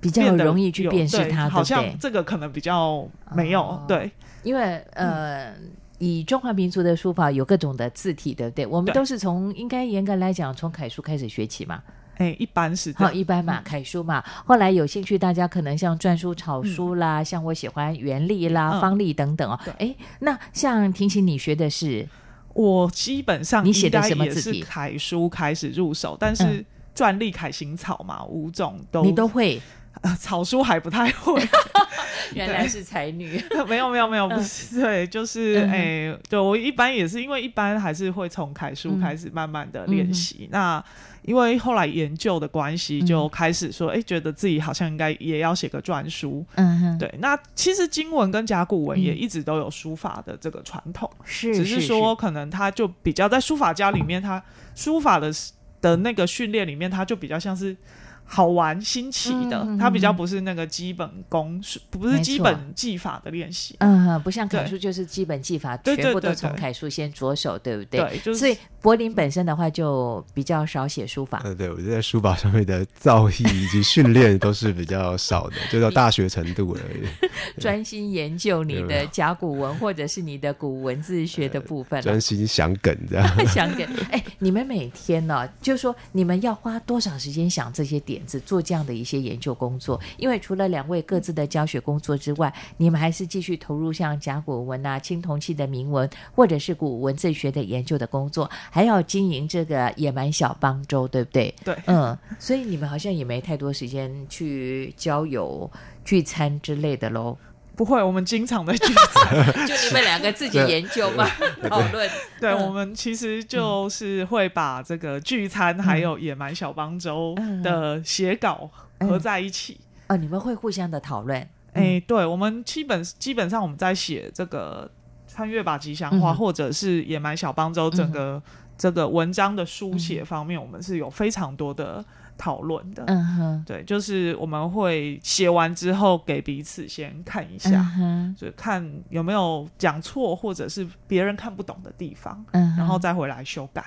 比較容易去辨識它，對對。好像這個可能比較沒有、哦、對，因為呃、嗯，以中華民族的書法有各種的字體，對不對？我們都是從應該嚴格來講，從楷書開始學起嘛。哎，一般是好、哦、一般嘛、嗯，楷書嘛。後來有興趣，大家可能像篆書、草書啦、嗯，像我喜歡圓隸啦、嗯、方隸等等哦。哎，那像婷婷，你學的是？我基本上應該也是楷書開始入手，你寫的什麼字體？但是篆隸楷行草嘛，五種都你都會。草書還不太會， 原來是才女。 沒有沒有沒有，不是、嗯、對，就是哎，對我一般也是，因為一般還是會從楷書開始慢慢的練習。那因為後來研究的關係，就開始說，哎，覺得自己好像應該也要寫個篆書。嗯，對。那其實金文跟甲骨文也一直都有書法的這個傳統，是，只是說可能他就比較在書法家裡面，他書法的的那個訓練裡面，他就比較像是。好玩新奇的、嗯嗯，它比較不是那個基本功，嗯、不是基本技法的練習。嗯，不像楷書就是基本技法，全部都從楷書先着手對對對對，對不對？對、就是，所以柏林本身的話就比較少寫書法。對、嗯，對，我覺得在書法上面的造詣以及訓練都是比較少的， 就到大學程度而已。專 心研究你的甲骨文或者是你的古文字學的部分、啊，專、嗯、心想梗這樣 想梗。哎、欸，你們每天呢、哦， 就說你們要花多少時間想這些點？做這樣的一些研究工作，因為除了兩位各自的教學工作之外，你們還是繼續投入像甲骨文啊、青銅器的銘文，或者是古文字學的研究的工作，還要經營這個野蠻小邦周，對不對？對。嗯，所以你們好像也沒太多時間去交友、聚餐之類的嘍。不會，我們經常的聚餐， 就你們兩個自己研究嘛， 討論。對，對、嗯，我們其實就是會把這個聚餐還有《野蠻小邦周》的寫稿合在一起。啊、嗯嗯呃，你們會互相的討論。哎、嗯欸，對，我們基本基本上我們在寫這個《穿越吧吉祥話》、嗯、或者是《野蠻小邦周》整個這個文章的書寫方面、嗯，我們是有非常多的。討論的，嗯哼，對，就是我們會寫完之後給彼此先看一下，嗯、就看有沒有講錯或者是別人看不懂的地方，嗯，然後再回來修改。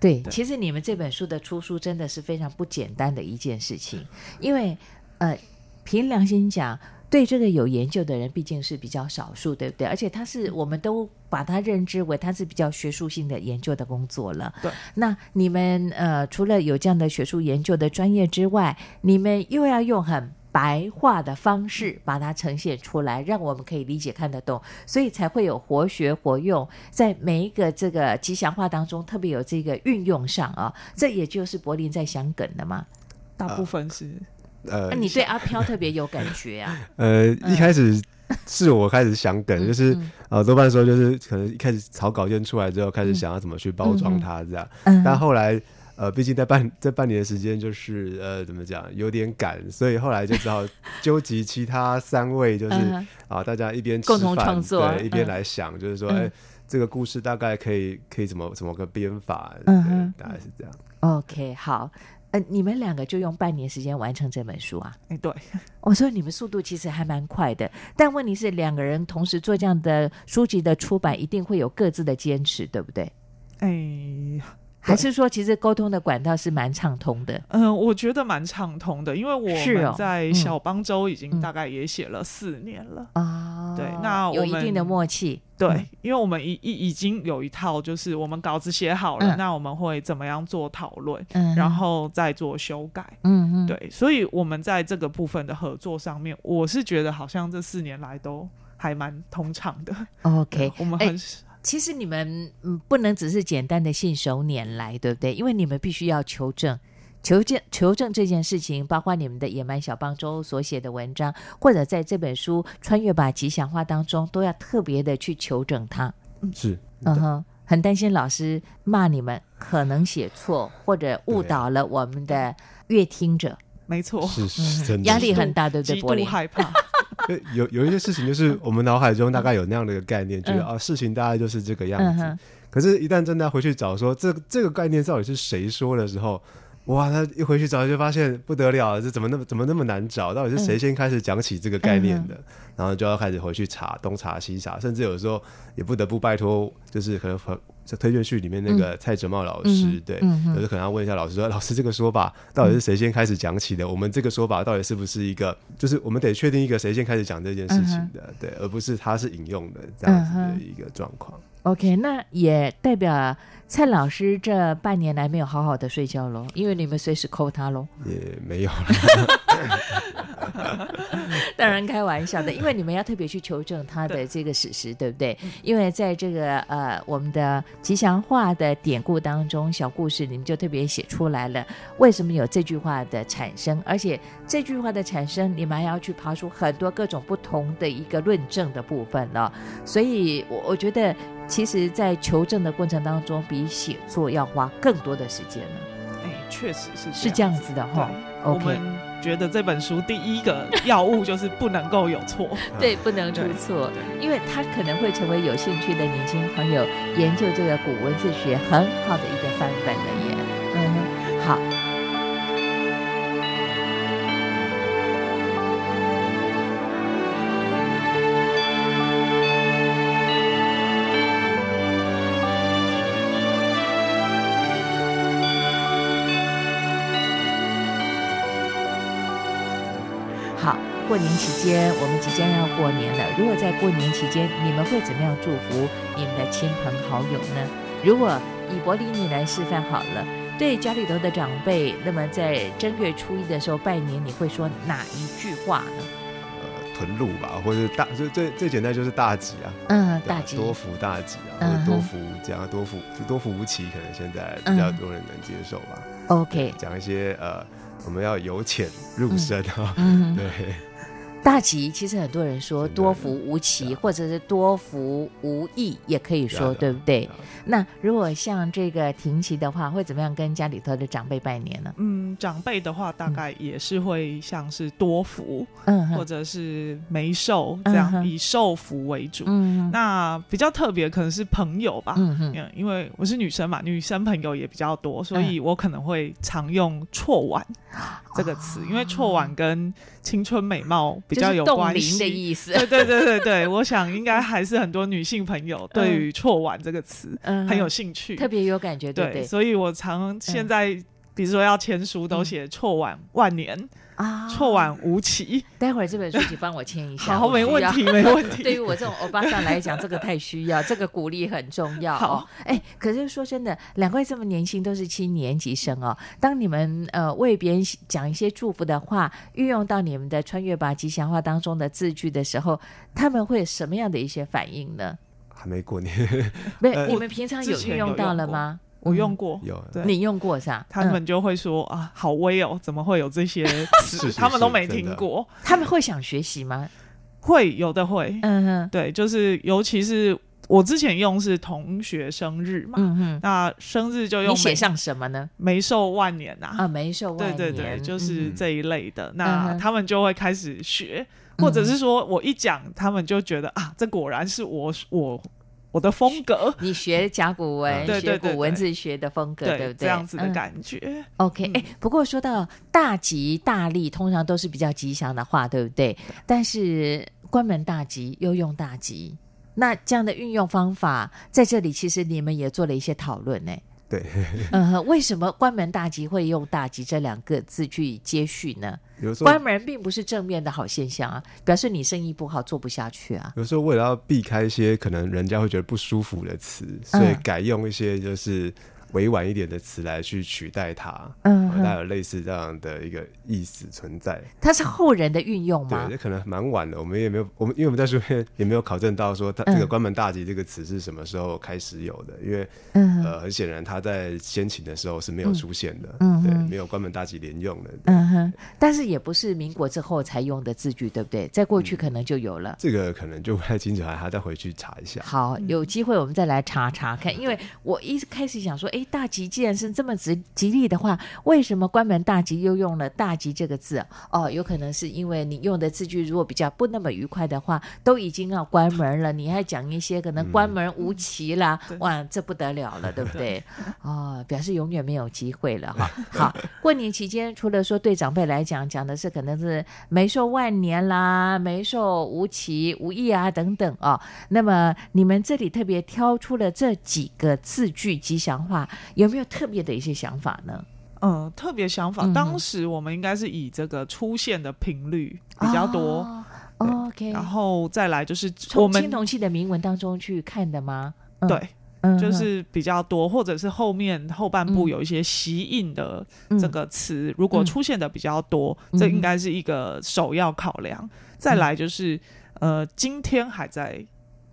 對，對其實你們這本書的出書真的是非常不簡單的一件事情，嗯、因為，呃，憑良心講。對這個有研究的人畢竟是比較少數，對不對？而且他是，我們都把他認知為他是比較學術性的研究的工作了。對，那你們呃，除了有這樣的學術研究的專業之外，你們又要用很白話的方式把它呈現出來，讓我們可以理解看得懂，所以才會有活學活用，在每一個這個吉祥話當中特別有這個運用上啊、哦。這也就是柏林在想梗的嘛、呃，大部分是。呃，啊、你對阿飄特別有感覺啊？ 呃，一開始是我開始想梗，嗯、就是啊、嗯呃，多半說就是可能一開始草稿件出來之後，開始想要怎麼去包裝它這樣、嗯嗯。但後來，呃，畢竟在半在半年的時間，就是呃，怎麼講，有點趕，所以後來就只好糾集其他三位，就是、嗯、啊，大家一邊共同創作，對，一邊來想，就是說，哎、嗯欸，這個故事大概可以可以怎麼怎麼個編法？嗯，大概是這樣。嗯、OK，好。嗯，你們兩個就用半年時間完成這本書啊？哎，對，我說你們速度其實還蠻快的，但問題是兩個人同時做這樣的書籍的出版，一定會有各自的堅持，對不對？哎還是說，其實溝通的管道是蠻暢通的。嗯、呃，我覺得蠻暢通的，因為我們在小邦周已經大概也寫了四年了啊、哦嗯。對，哦、那我們有一定的默契。對，因為我們已已已經有一套，就是我們稿子寫好了、嗯，那我們會怎麼樣做討論、嗯，然後再做修改。嗯嗯，對，所以我們在這個部分的合作上面，我是覺得好像這四年來都還蠻通暢的。哦、OK，、呃、我們很。欸其實你們、嗯、不能只是簡單的信手拈來，對不對？因為你們必須要求證、求證、求證這件事情，包括你們的野蠻小邦周所寫的文章，或者在這本書《穿越吧吉祥話》當中，都要特別的去求證它。是，嗯哼，很擔心老師罵你們，可能寫錯或者誤導了我們的閱聽者。沒錯，是，壓力很大，對不對？極度害怕。 有有一些事情，就是我們腦海中大概有那樣的一個概念，就是啊事情大概就是這個樣子。可是，一旦真的要回去找說這這個概念到底是誰說的時候。哇，他一回去找，就發現不得了，這怎麼那麼怎麼那麼難找？到底是誰先開始講起這個概念的、嗯嗯？然後就要開始回去查，東查西查，甚至有時候也不得不拜托，就是可能推推薦序裡面那個蔡哲茂老師，嗯、對，有、嗯、時可能要問一下老師說，老師這個說法到底是誰先開始講起的、嗯？我們這個說法到底是不是一個？就是我們得確定一個誰先開始講這件事情的，嗯、對，而不是他是引用的這樣子的一個狀況。嗯、OK，那也代表。蔡老師這半年來沒有好好的睡覺嘍，因為你們隨時扣他嘍。也沒有了， 當然開玩笑的，因為你們要特別去求證他的這個史實，對，對不對？因為在這個呃我們的吉祥話的典故當中，小故事你們就特別寫出來了，為什麼有這句話的產生？而且這句話的產生，你們還要去刨出很多各種不同的一個論證的部分了。所以，我我覺得。其實，在求證的過程當中，比寫作要花更多的時間呢？哎，確實是這是這樣子的哈、哦 okay。我們覺得這本書第一個要務就是不能夠有錯， 對，不能出錯，對，因為它可能會成為有興趣的年輕朋友 研究這個古文字學很好的一個範本的耶。嗯，好。過年期間，我們即將要過年了。如果在過年期間，你們會怎麼樣祝福你們的親朋好友呢？如果以柏林你來示範好了，對家裡頭的長輩，那麼在正月初一的時候拜年，你會說哪一句話呢？呃，同路吧，或者大最最最簡單就是大吉啊，嗯，大吉，多福大吉啊，或者多福這、嗯、多福多福無奇，可能現在比較多人能接受吧。嗯、OK，講一些呃，我們要由淺入深啊，嗯、對。嗯大吉，其實很多人說多福無期，嗯、或者是多福無斁，也可以說，嗯、對不對、嗯？那如果像這個停期的話，會怎麼樣跟家裡頭的長輩拜年呢？嗯，長輩的話大概也是會像是多福，嗯、或者是眉壽這樣、嗯，以壽福為主。嗯，那比較特別可能是朋友吧，嗯哼因為我是女生嘛，女生朋友也比較多，所以我可能會常用“綽綰”這個詞，啊、因為“綽綰”跟青春美貌。比較有關係、就是、共鳴的意思，對對對對對，對， 我想應該還是很多女性朋友對於“錯晚”這個詞很有興趣，嗯嗯、特別有感覺，對對，對，所以我常現在、嗯、比如說要簽書都寫“錯、嗯、晚萬年”。錯腕無期、啊，待會兒這本書請幫我簽一下，好，沒問題，沒問題。 對於我這種歐巴桑來講， 這個太需要，這個鼓勵很重要、哦。好哎、欸，可是說真的，兩位這麼年輕，都是七年級生哦。當你們呃為別人講一些祝福的話，運用到你們的《穿越吧吉祥話》當中的字句的時候，他們會有什麼樣的一些反應呢？還沒過年，沒你、 呃、們平常有運用到了用嗎？我用過，有、嗯。你用過是啊？他們就會說、嗯、啊，好威哦、喔，怎麼會有這些詞？是是是他們都沒聽過，他們會想學習嗎？會，有的會。嗯哼，對，就是，尤其是我之前用是同學生日嘛，嗯、哼，那生日就用。你寫上什麼呢？眉壽萬年吶、啊，啊，眉壽萬年。對對對，就是這一類的。嗯、那他們就會開始學，嗯、或者是說我一講，他們就覺得、嗯、啊，這果然是我我。我的風格，你學甲骨文、 嗯對對對對，學古文字學的風格對對對對，對不對？這樣子的感覺。嗯、OK，哎、欸，不過說到大吉大利，通常都是比較吉祥的話，對不對？對，但是關門大吉又用大吉，那這樣的運用方法在這裡，其實你們也做了一些討論、欸，哎。對、 嗯，為什麼關門大吉會用“大吉”這兩個字去接續呢？關門並不是正面的好現象啊，表示你生意不好，做不下去啊。有時候為了要避開一些可能人家會覺得不舒服的詞，所以改用一些就是。嗯嗯委婉一點的詞來去取代它，嗯、呃，它有類似這樣的一個意思存在。它是後人的運用嗎？對，這可能蠻晚的。我們也沒有，我們因為我們在書面也沒有考證到說，它、嗯、這個“關門大吉”這個詞是什麼時候開始有的。因為，嗯、呃，很顯然它在先秦的時候是沒有出現的，嗯，對，嗯、沒有“關門大吉”連用的，嗯哼。但是也不是民國之後才用的字句，對不對？在過去可能就有了。嗯、這個可能就不太清楚，還要再回去查一下。好，有機會我們再來查查看。嗯、因為我一開始想說，哎。大吉，既然是這麼吉吉利的話，為什麼關門大吉又用了“大吉”這個字？哦，有可能是因為你用的字句如果比較不那麼愉快的話，都已經要關門了，你還講一些可能關門無期啦、嗯，哇，這不得了了，對，對不對，對？哦，表示永遠沒有機會了哈。好，過年期間，除了說對長輩來講講的是可能是“眉壽萬年”啦，“眉壽無期”“無益、啊”啊等等哦，那麼你們這裡特別挑出了這幾個字句吉祥話。有沒有特別的一些想法呢？嗯、呃，特別想法、嗯，當時我們應該是以這個出現的頻率比較多、哦哦，OK，然後再來就是從青銅器的銘文當中去看的嗎？對，嗯、就是比較多、嗯，或者是後面後半部有一些吸引的這個詞、嗯，如果出現的比較多，嗯、這應該是一個首要考量。嗯、再來就是、嗯、呃，今天還在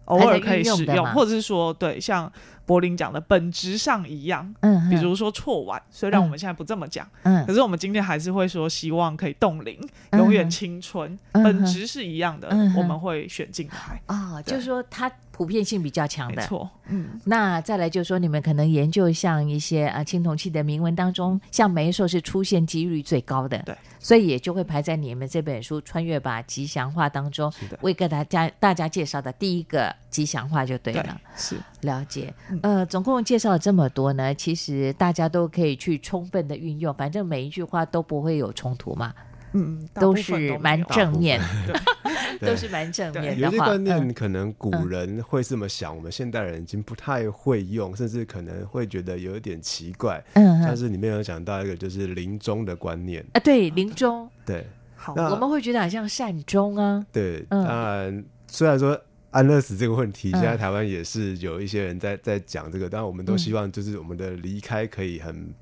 偶爾可以使用，用或者是說對像。柏林講的本質上一樣，嗯，比如說錯晚，雖然我們現在不這麼講，嗯，可是我們今天還是會說希望可以凍齡、嗯，永遠青春，嗯、本質是一樣的，嗯、我們會選進來啊，就是說他。普遍性比較強的，嗯，那再來就是說，你們可能研究像一些呃、啊、青銅器的銘文當中，像眉壽是出現幾率最高的，對，所以也就會排在你們這本書《穿越吧吉祥話》當中為給大家大家介紹的第一個吉祥話就對了，對是了解，呃，總共介紹了這麼多呢，其實大家都可以去充分的運用，反正每一句話都不會有衝突嘛。嗯都、都是蠻正面， 對 都是蠻正面的。有些觀念可能古人會這麼想，嗯，我們現代人已經不太會用，甚至可能會覺得有一點奇怪。嗯，但是裡面有講到一個，就是臨終的觀念，嗯、啊，對，臨終，啊，對。好，我們會覺得好像善終啊。對，當然，嗯，雖然說安樂死這個問題，現在台灣也是有一些人在在講這個，但我們都希望，就是我們的離開可以很。嗯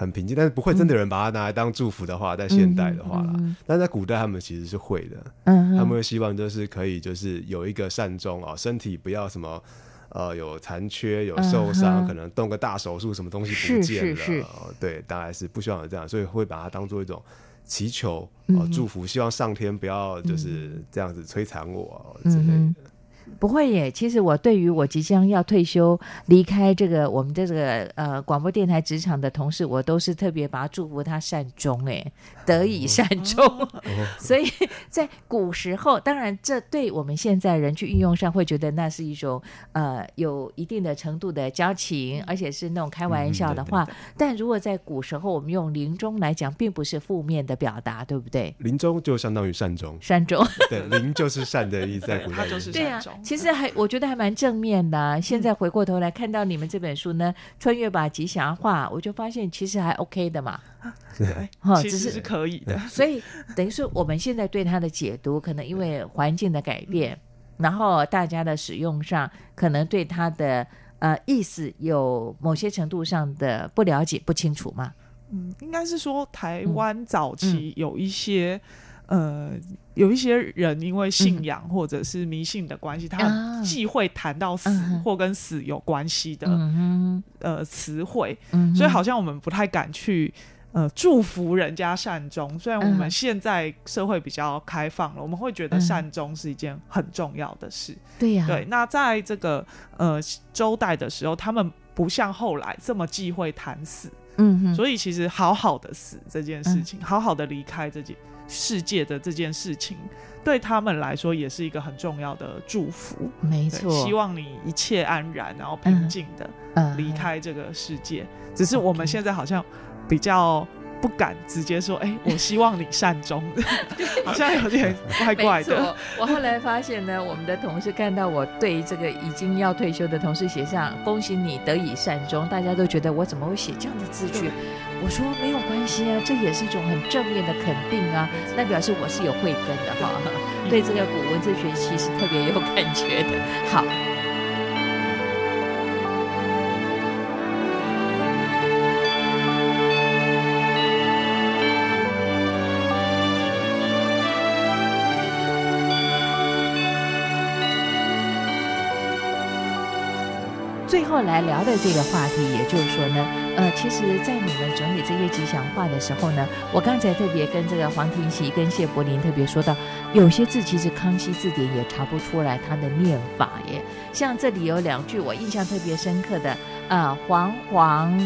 很平靜，但是不會真的有人把它拿來當祝福的話，嗯、在現代的話啦、嗯。但在古代他們其實是會的、嗯，他們會希望就是可以就是有一個善終啊、哦，身體不要什麼呃有殘缺、有受傷、嗯，可能動個大手術，什麼東西不見了，是是是，對，當然是不希望有這樣，所以會把它當做一種祈求啊、呃，祝福，希望上天不要就是這樣子摧殘我、嗯嗯、之類的。不會耶，其實我對於我即將要退休離開這個我們的這個呃廣播電台職場的同事，我都是特別把他祝福他善終哎，得以善終。哦哦、 所以在古時候，當然這對我們現在人去運用上，會覺得那是一種呃有一定的程度的交情，而且是那種開玩笑的話、嗯嗯。但如果在古時候，我們用令終來講，並不是負面的表達，對不對？令終就相當於善終，善終。對，令就是善的意思，在古代就是善終，對、啊其實還我覺得還蠻正面的，啊。現在回過頭來看到你們這本書呢，《穿越吧吉祥話》，我就發現其實還 OK 的嘛。對，其實是可以的。所以等於說我們現在對它的解讀，可能因為環境的改變，然後大家的使用上，可能對它的呃，意思有某些程度上的不了解、不清楚嘛。嗯，應該是說台灣早期有一些，嗯。嗯呃，有一些人因為信仰或者是迷信的關係，嗯，他忌諱談到死、嗯、或跟死有關係的、嗯、呃詞彙、嗯，所以好像我們不太敢去呃祝福人家善終。雖然我們現在社會比較開放了，嗯、我們會覺得善終是一件很重要的事。對、嗯、呀，對。那在這個呃周代的時候，他們不像後來這麼忌諱談死，嗯哼，所以其實好好的死這件事情，嗯、好好的離開這件。世界的這件事情，對他們來說也是一個很重要的祝福。沒錯，希望你一切安然，然後平靜的離開這個世界。嗯，呃。只是我們現在好像比較。不敢直接說，哎、欸，我希望你善終， 好像有點怪怪的。沒錯，我後來發現呢， 我們的同事看到我對這個已經要退休的同事寫上“恭喜你得以善終”，大家都覺得我怎麼會寫這樣的字句？我說沒有關係啊，這也是一種很正面的肯定啊，那表示我是有慧根的哈，對這個古文字學習是特別有感覺的。好。來聊的這個話題，也就是說呢，呃，其實，在你們整理這些吉祥話的時候呢，我剛才特別跟這個黃庭琦、跟謝柏林特別說到，有些字其實康熙字典也查不出來它的念法耶。像這裡有兩句我印象特別深刻的，呃，黃黃、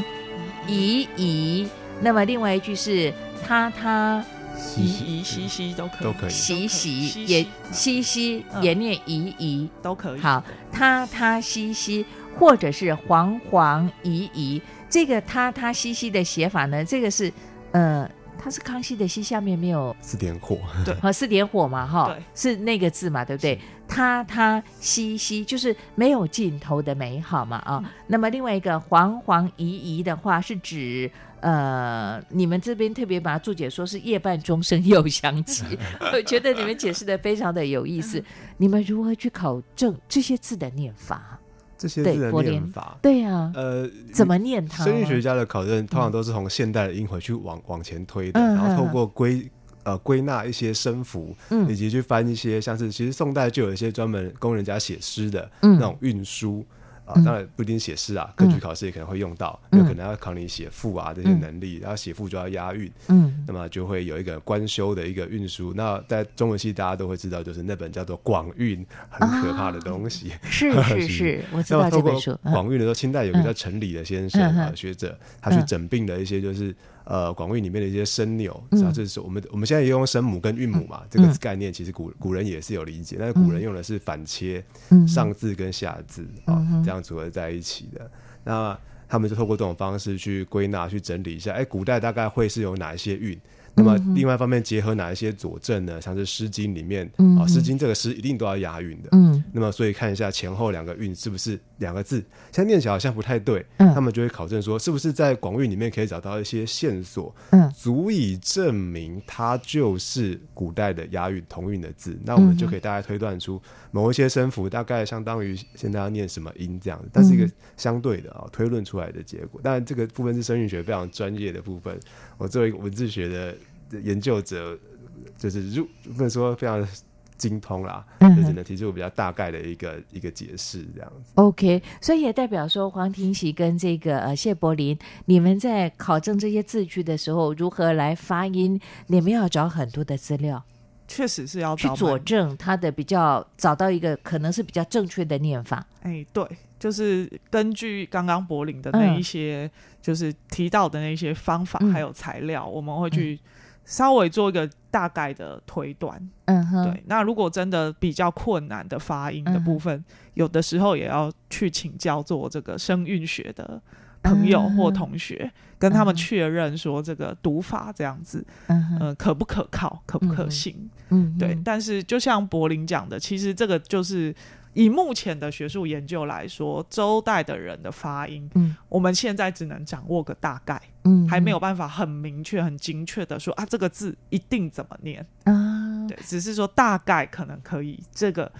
咦咦，那麼另外一句是塌塌、嘻嘻，嘻嘻都可以都可以，嘻嘻也嘻嘻也念咦咦都可以，息息息息嗯姨姨嗯、好，塌塌、嘻嘻。或者是黃黃怡怡、嗯，這個他他西西的寫法呢？這個是，呃，它是康熙的熙下面沒有四點火，對，啊，四點火嘛，哈，是那個字嘛，對不對？他他西西就是沒有盡頭的美好嘛，啊、哦嗯。那麼另外一個黃黃怡怡的話，是指呃，你們這邊特別把它注解說是夜半鐘聲又響起， 我覺得你們解釋的非常的有意思。 你們如何去考證這，這些字的念法？這些字的念法，對，對啊，呃，怎麼念它？聲韻學家的考證通常都是從現代的音回去往往前推的，嗯、然後透過歸呃歸納一些聲符、嗯，以及去翻一些，像是其實宋代就有一些專門供人家寫詩的那種韻書。嗯啊，當然不一定寫詩啊，嗯、科舉考試也可能會用到，有、嗯、可能要考你寫賦啊這些能力，嗯、要寫賦就要押韻，嗯，那麼就會有一個官修的一個韻書，嗯、那在中文系大家都會知道，就是那本叫做廣韻《廣、啊、韻》很可怕的東西，是是是，呵呵是我知道這本書。廣韻的時候，嗯、清代有個叫陳理的先生，嗯、啊學者，他去診病的一些就是。呃，廣韻裡面的一些聲紐，啊、嗯，這是我們我們現在也用聲母跟韻母嘛、嗯，這個概念其實古古人也是有理解，但是古人用的是反切，嗯、上字跟下字啊、嗯哦、這樣組合在一起的、嗯，那他們就透過這種方式去歸納、去整理一下，哎、欸，古代大概會是有哪些韻。那麼另外一方面，結合哪一些佐證呢？像是《詩經》裡面，啊、嗯，哦《詩經》這個詩一定都要押韻的。嗯。那麼，所以看一下前後兩個韻是不是兩個字，現在念起來好像不太對。嗯。他們就會考證說，是不是在廣韻裡面可以找到一些線索，嗯，足以證明它就是古代的押韻同韻的字。那我們就可以大概推斷出某一些聲符大概相當於現在要念什麼音這樣子，但是一個相對的啊、哦、推論出來的結果。當然這個部分是聲韻學非常專業的部分。我作為一個文字學的研究者，就是如不能，就是，說非常精通啦，嗯，就只能提出比較大概的一個一個解釋這樣子。OK，所以也代表說，黃庭琦跟這個、呃、謝柏林，你們在考證這些字句的時候，如何來發音？你們要找很多的資料，確實是要找去佐證他的比較，找到一個可能是比較正確的念法。哎、欸，對，就是根據剛剛柏林的那一些。嗯就是提到的那些方法，還有材料、嗯，我們會去稍微做一個大概的推斷。嗯哼，對。那如果真的比較困難的發音的部分，嗯、有的時候也要去請教做這個聲韻學的朋友或同學，嗯、跟他們確認說這個讀法這樣子，嗯、呃，可不可靠，可不可行？嗯，對嗯。但是就像柏林講的，其實這個就是。以目前的學術研究來說，周代的人的發音，嗯，我們現在只能掌握個大概，嗯，嗯，還沒有辦法很明確、很精確的說啊，這個字一定怎麼念啊？對，只是說大概可能可以，這個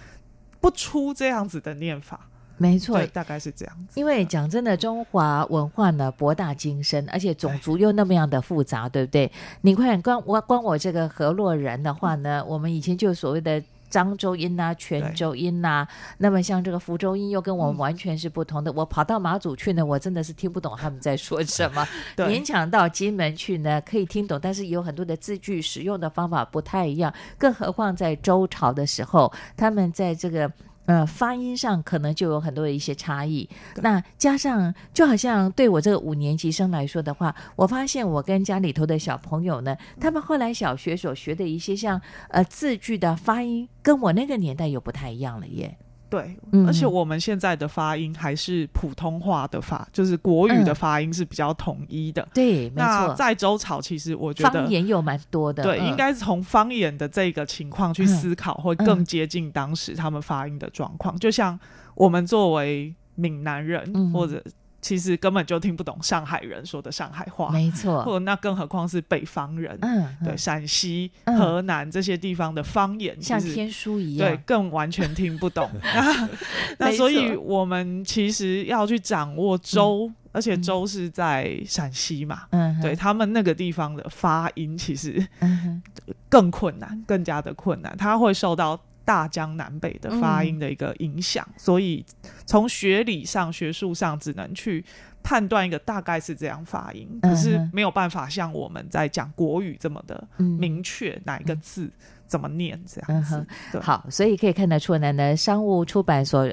不出這樣子的念法，沒錯，對，大概是這樣子。因為講真的，中華文化呢，博大精深，而且種族又那麼樣的複雜，對，對不對？你看，關我關我這個河洛人的話呢，嗯，我們以前就所謂的。漳州音吶、啊，泉州音吶、啊，那麼像這個福州音又跟我們完全是不同的、嗯。我跑到馬祖去呢，我真的是聽不懂他們在說什麼，勉 強到金門去呢，可以聽懂，但是有很多的字句使用的方法不太一樣。更何況在周朝的時候，他們在這個。呃，發音上可能就有很多的一些差異。那加上，就好像對我這個五年級生來說的話，我發現我跟家裡頭的小朋友呢，他們後來小學所學的一些像呃字句的發音，跟我那個年代又不太一樣了耶。對嗯嗯，而且我們現在的發音還是普通話的發，就是國語的發音是比較統一的。對、嗯，那在周朝，其實我覺得方言有蠻多的。對，應該是從方言的這個情況去思考，會、嗯、更接近當時他們發音的狀況、嗯。就像我們作為閩南人，嗯、或者。其實根本就聽不懂上海人說的上海話，沒錯。或那更何況是北方人，嗯，對，陝西、嗯、嗯、河南這些地方的方言，像天書一樣，對，更完全聽不懂。 那，那所以我們其實要去掌握周，嗯、而且周是在陝西嘛，嗯，對，嗯，對他們那個地方的發音，其實更困難、嗯，更加的困難，他會受到。大江南北的發音的一個影響，嗯，所以從學理上、學術上，只能去，判斷一個大概是這樣發音，可是沒有辦法像我們在講國語這麼的明確哪一個字怎麼念、嗯嗯嗯、這樣。好，所以可以看得出來呢，商務出版所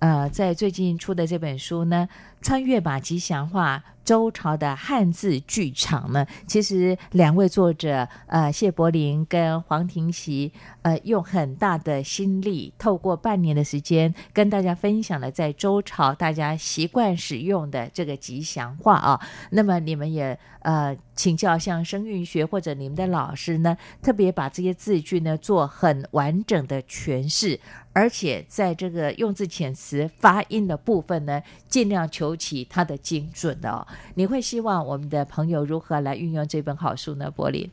呃，在最近出的這本書呢，《穿越吧吉祥話：周朝的漢字劇場》呢，其實兩位作者呃，謝柏林跟黃庭琦呃，用很大的心力，透過半年的時間，跟大家分享了在周朝大家習慣使用的這個。吉祥話啊、哦！那麼你們也呃請教像聲韻學或者你們的老師呢，特別把這些字句呢做很完整的詮釋，而且在這個用字遣詞發音的部分呢，盡量求其它的精準哦。你會希望我們的朋友如何來運用這本好書呢？柏林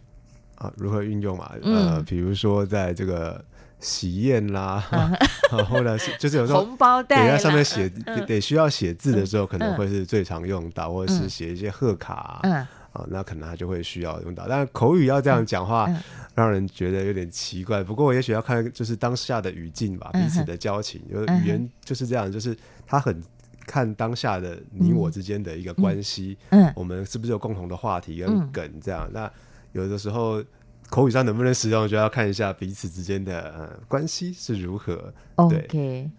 啊，如何運用嘛、啊？呃，比如說在這個。喜宴啦、啊， 然後呢，就是有時候紅包袋在上面寫、嗯，得需要寫字的時候，嗯、可能會是最常用到，嗯、或者是寫一些賀卡、啊嗯啊，那可能它就會需要用到、嗯。但口語要這樣講話、嗯，讓人覺得有點奇怪。不過，也許要看就是當下的語境吧，嗯、彼此的交情、嗯，有語言就是這樣，就是他很看當下的你我之間的一個關係，嗯，嗯嗯我們是不是有共同的話題跟梗這樣？嗯、那有的時候。口語上能不能使用，就要看一下彼此之間的、呃、關係是如何。OK，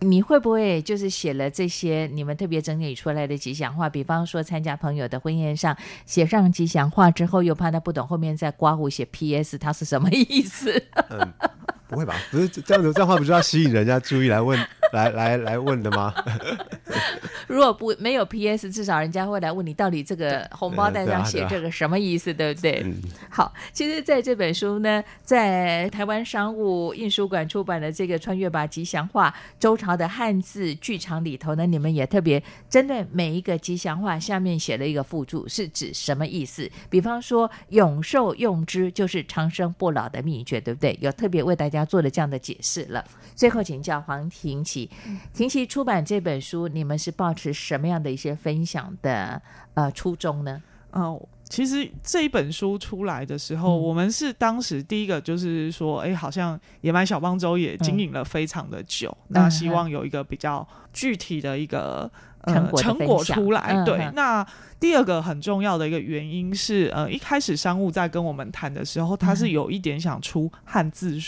你會不會就是寫了這些你們特別整理出來的吉祥話？比方說參加朋友的婚宴上寫上吉祥話之後，又怕他不懂，後面再括弧寫 PS，他是什麼意思？嗯 不會吧？不是這樣子，這樣的話不是要吸引人家注意來問， 來來來問的嗎？ 如果不沒有 PS，至少人家會來問你，到底這個紅包袋上寫這個什麼意思，嗯對，啊對，啊、對不對，嗯？好，其實在這本書呢，在台灣商務印書館出版的這個《穿越吧吉祥話：周朝的漢字劇場》裡頭呢，你們也特別針對每一個吉祥話下面寫了一個附注，是指什麼意思？比方說“永壽用之”就是長生不老的秘訣，對不對？有特別為大家。要做的這樣的解釋了。最後請教黃婷琪，婷琪出版這本書，你們是抱持什麼樣的一些分享的呃初衷呢？哦，其實這一本書出來的時候，嗯、我們是當時第一個就是說，哎、欸，好像野蠻小邦周也經營了非常的久、嗯，那希望有一個比較具體的一個、嗯呃、成果的成果出來。嗯、對、嗯，那第二個很重要的一個原因是，呃，一開始商務在跟我們談的時候，他是有一點想出漢字。嗯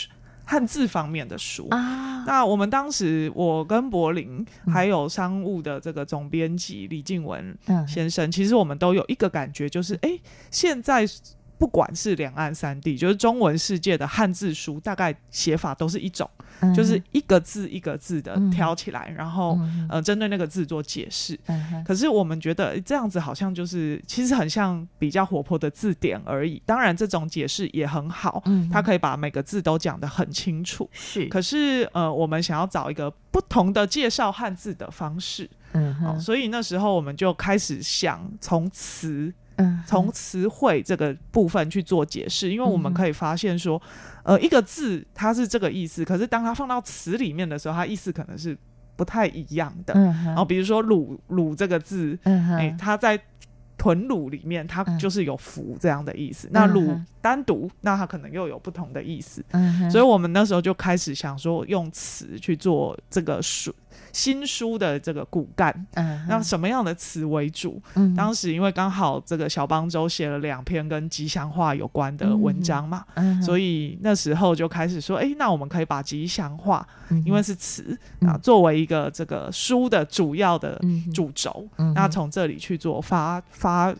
漢字方面的書，啊，那我們當時我跟柏林還有商務的這個總編輯李靜文先生，嗯，其實我們都有一個感覺，就是哎，欸，現在。不管是兩岸三地，就是中文世界的漢字書，大概寫法都是一種、嗯，就是一個字一個字的挑起來，嗯、然後嗯，呃、針對那個字做解釋、嗯。可是我們覺得這樣子好像就是，其實很像比較活潑的字典而已。當然，這種解釋也很好，它可以把每個字都講得很清楚。是、嗯，可是呃，我們想要找一個不同的介紹漢字的方式。嗯、呃，所以那時候我們就開始想從詞。嗯，從詞彙這個部分去做解釋，因為我們可以發現說，嗯、呃，一個字它是這個意思，可是當它放到詞裡面的時候，它意思可能是不太一樣的。嗯、然後比如說“魯魯”這個字，嗯欸、它在“豚魯”裡面，它就是有“福”這樣的意思。嗯、那“魯”單獨，那它可能又有不同的意思。嗯，所以我們那時候就開始想說，用詞去做這個數。新書的這個骨幹，嗯，那什麼樣的詞為主？嗯，當時因為剛好這個小邦周寫了兩篇跟吉祥話有關的文章嘛，嗯，所以那時候就開始說，哎，欸，那我們可以把吉祥話，嗯，因為是詞啊，作為一個這個書的主要的主軸，嗯，那從這裡去做發發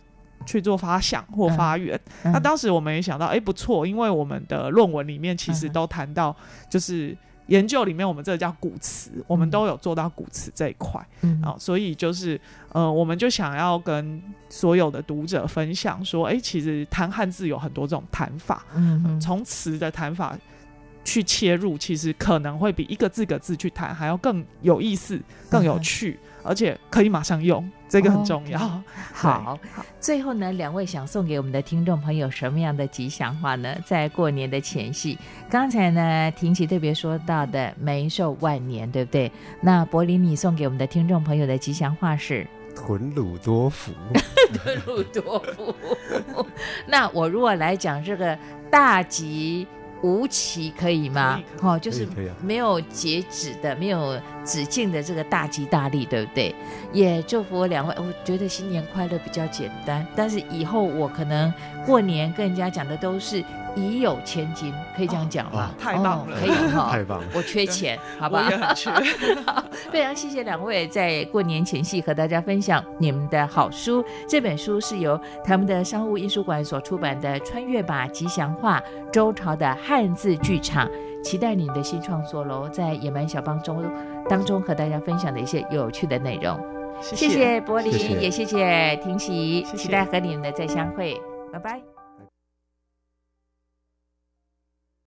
去做發想或發源，嗯。那當時我們也想到，哎，欸，不錯，因為我們的論文裡面其實都談到，就是。研究裡面，我們這個叫古詞，我們都有做到古詞這一塊、嗯，啊，所以就是，呃，我們就想要跟所有的讀者分享說，哎、欸，其實談漢字有很多這種談法，嗯從詞、呃、的談法去切入，其實可能會比一個字個字去談還要更有意思、更有趣。嗯而且可以馬上用，這個很重要，oh, okay. 好。好，最後呢，兩位想送給我們的聽眾朋友什麼樣的吉祥話呢？在過年的前夕，剛才呢，婷琪特別說到的“眉壽萬年”，對不對？那柏林，你送給我們的聽眾朋友的吉祥話是“屯魯多福”，屯魯多福。那我如果來講這個“大吉無期”，可以嗎？哦，就是沒有截止的，啊，沒有。止境的這個大吉大利，對不對？也祝福我兩位。我覺得新年快樂比較簡單，但是以後我可能過年跟人家講的都是已有千金，可以這樣講嗎？哦哦、太棒了，可以哈，太棒了。我缺錢，好不好,好？非常謝謝兩位在過年前夕和大家分享你們的好書。 這本書是由他們的商務印書館所出版的《穿越吧吉祥話：周朝的漢字劇場》。期待你的新創作嘍，在野蠻小邦中。當中和大家分享的一些有趣的內容，謝謝柏林，也謝謝婷喜，謝謝，期待和你們的再相會，謝謝，拜拜。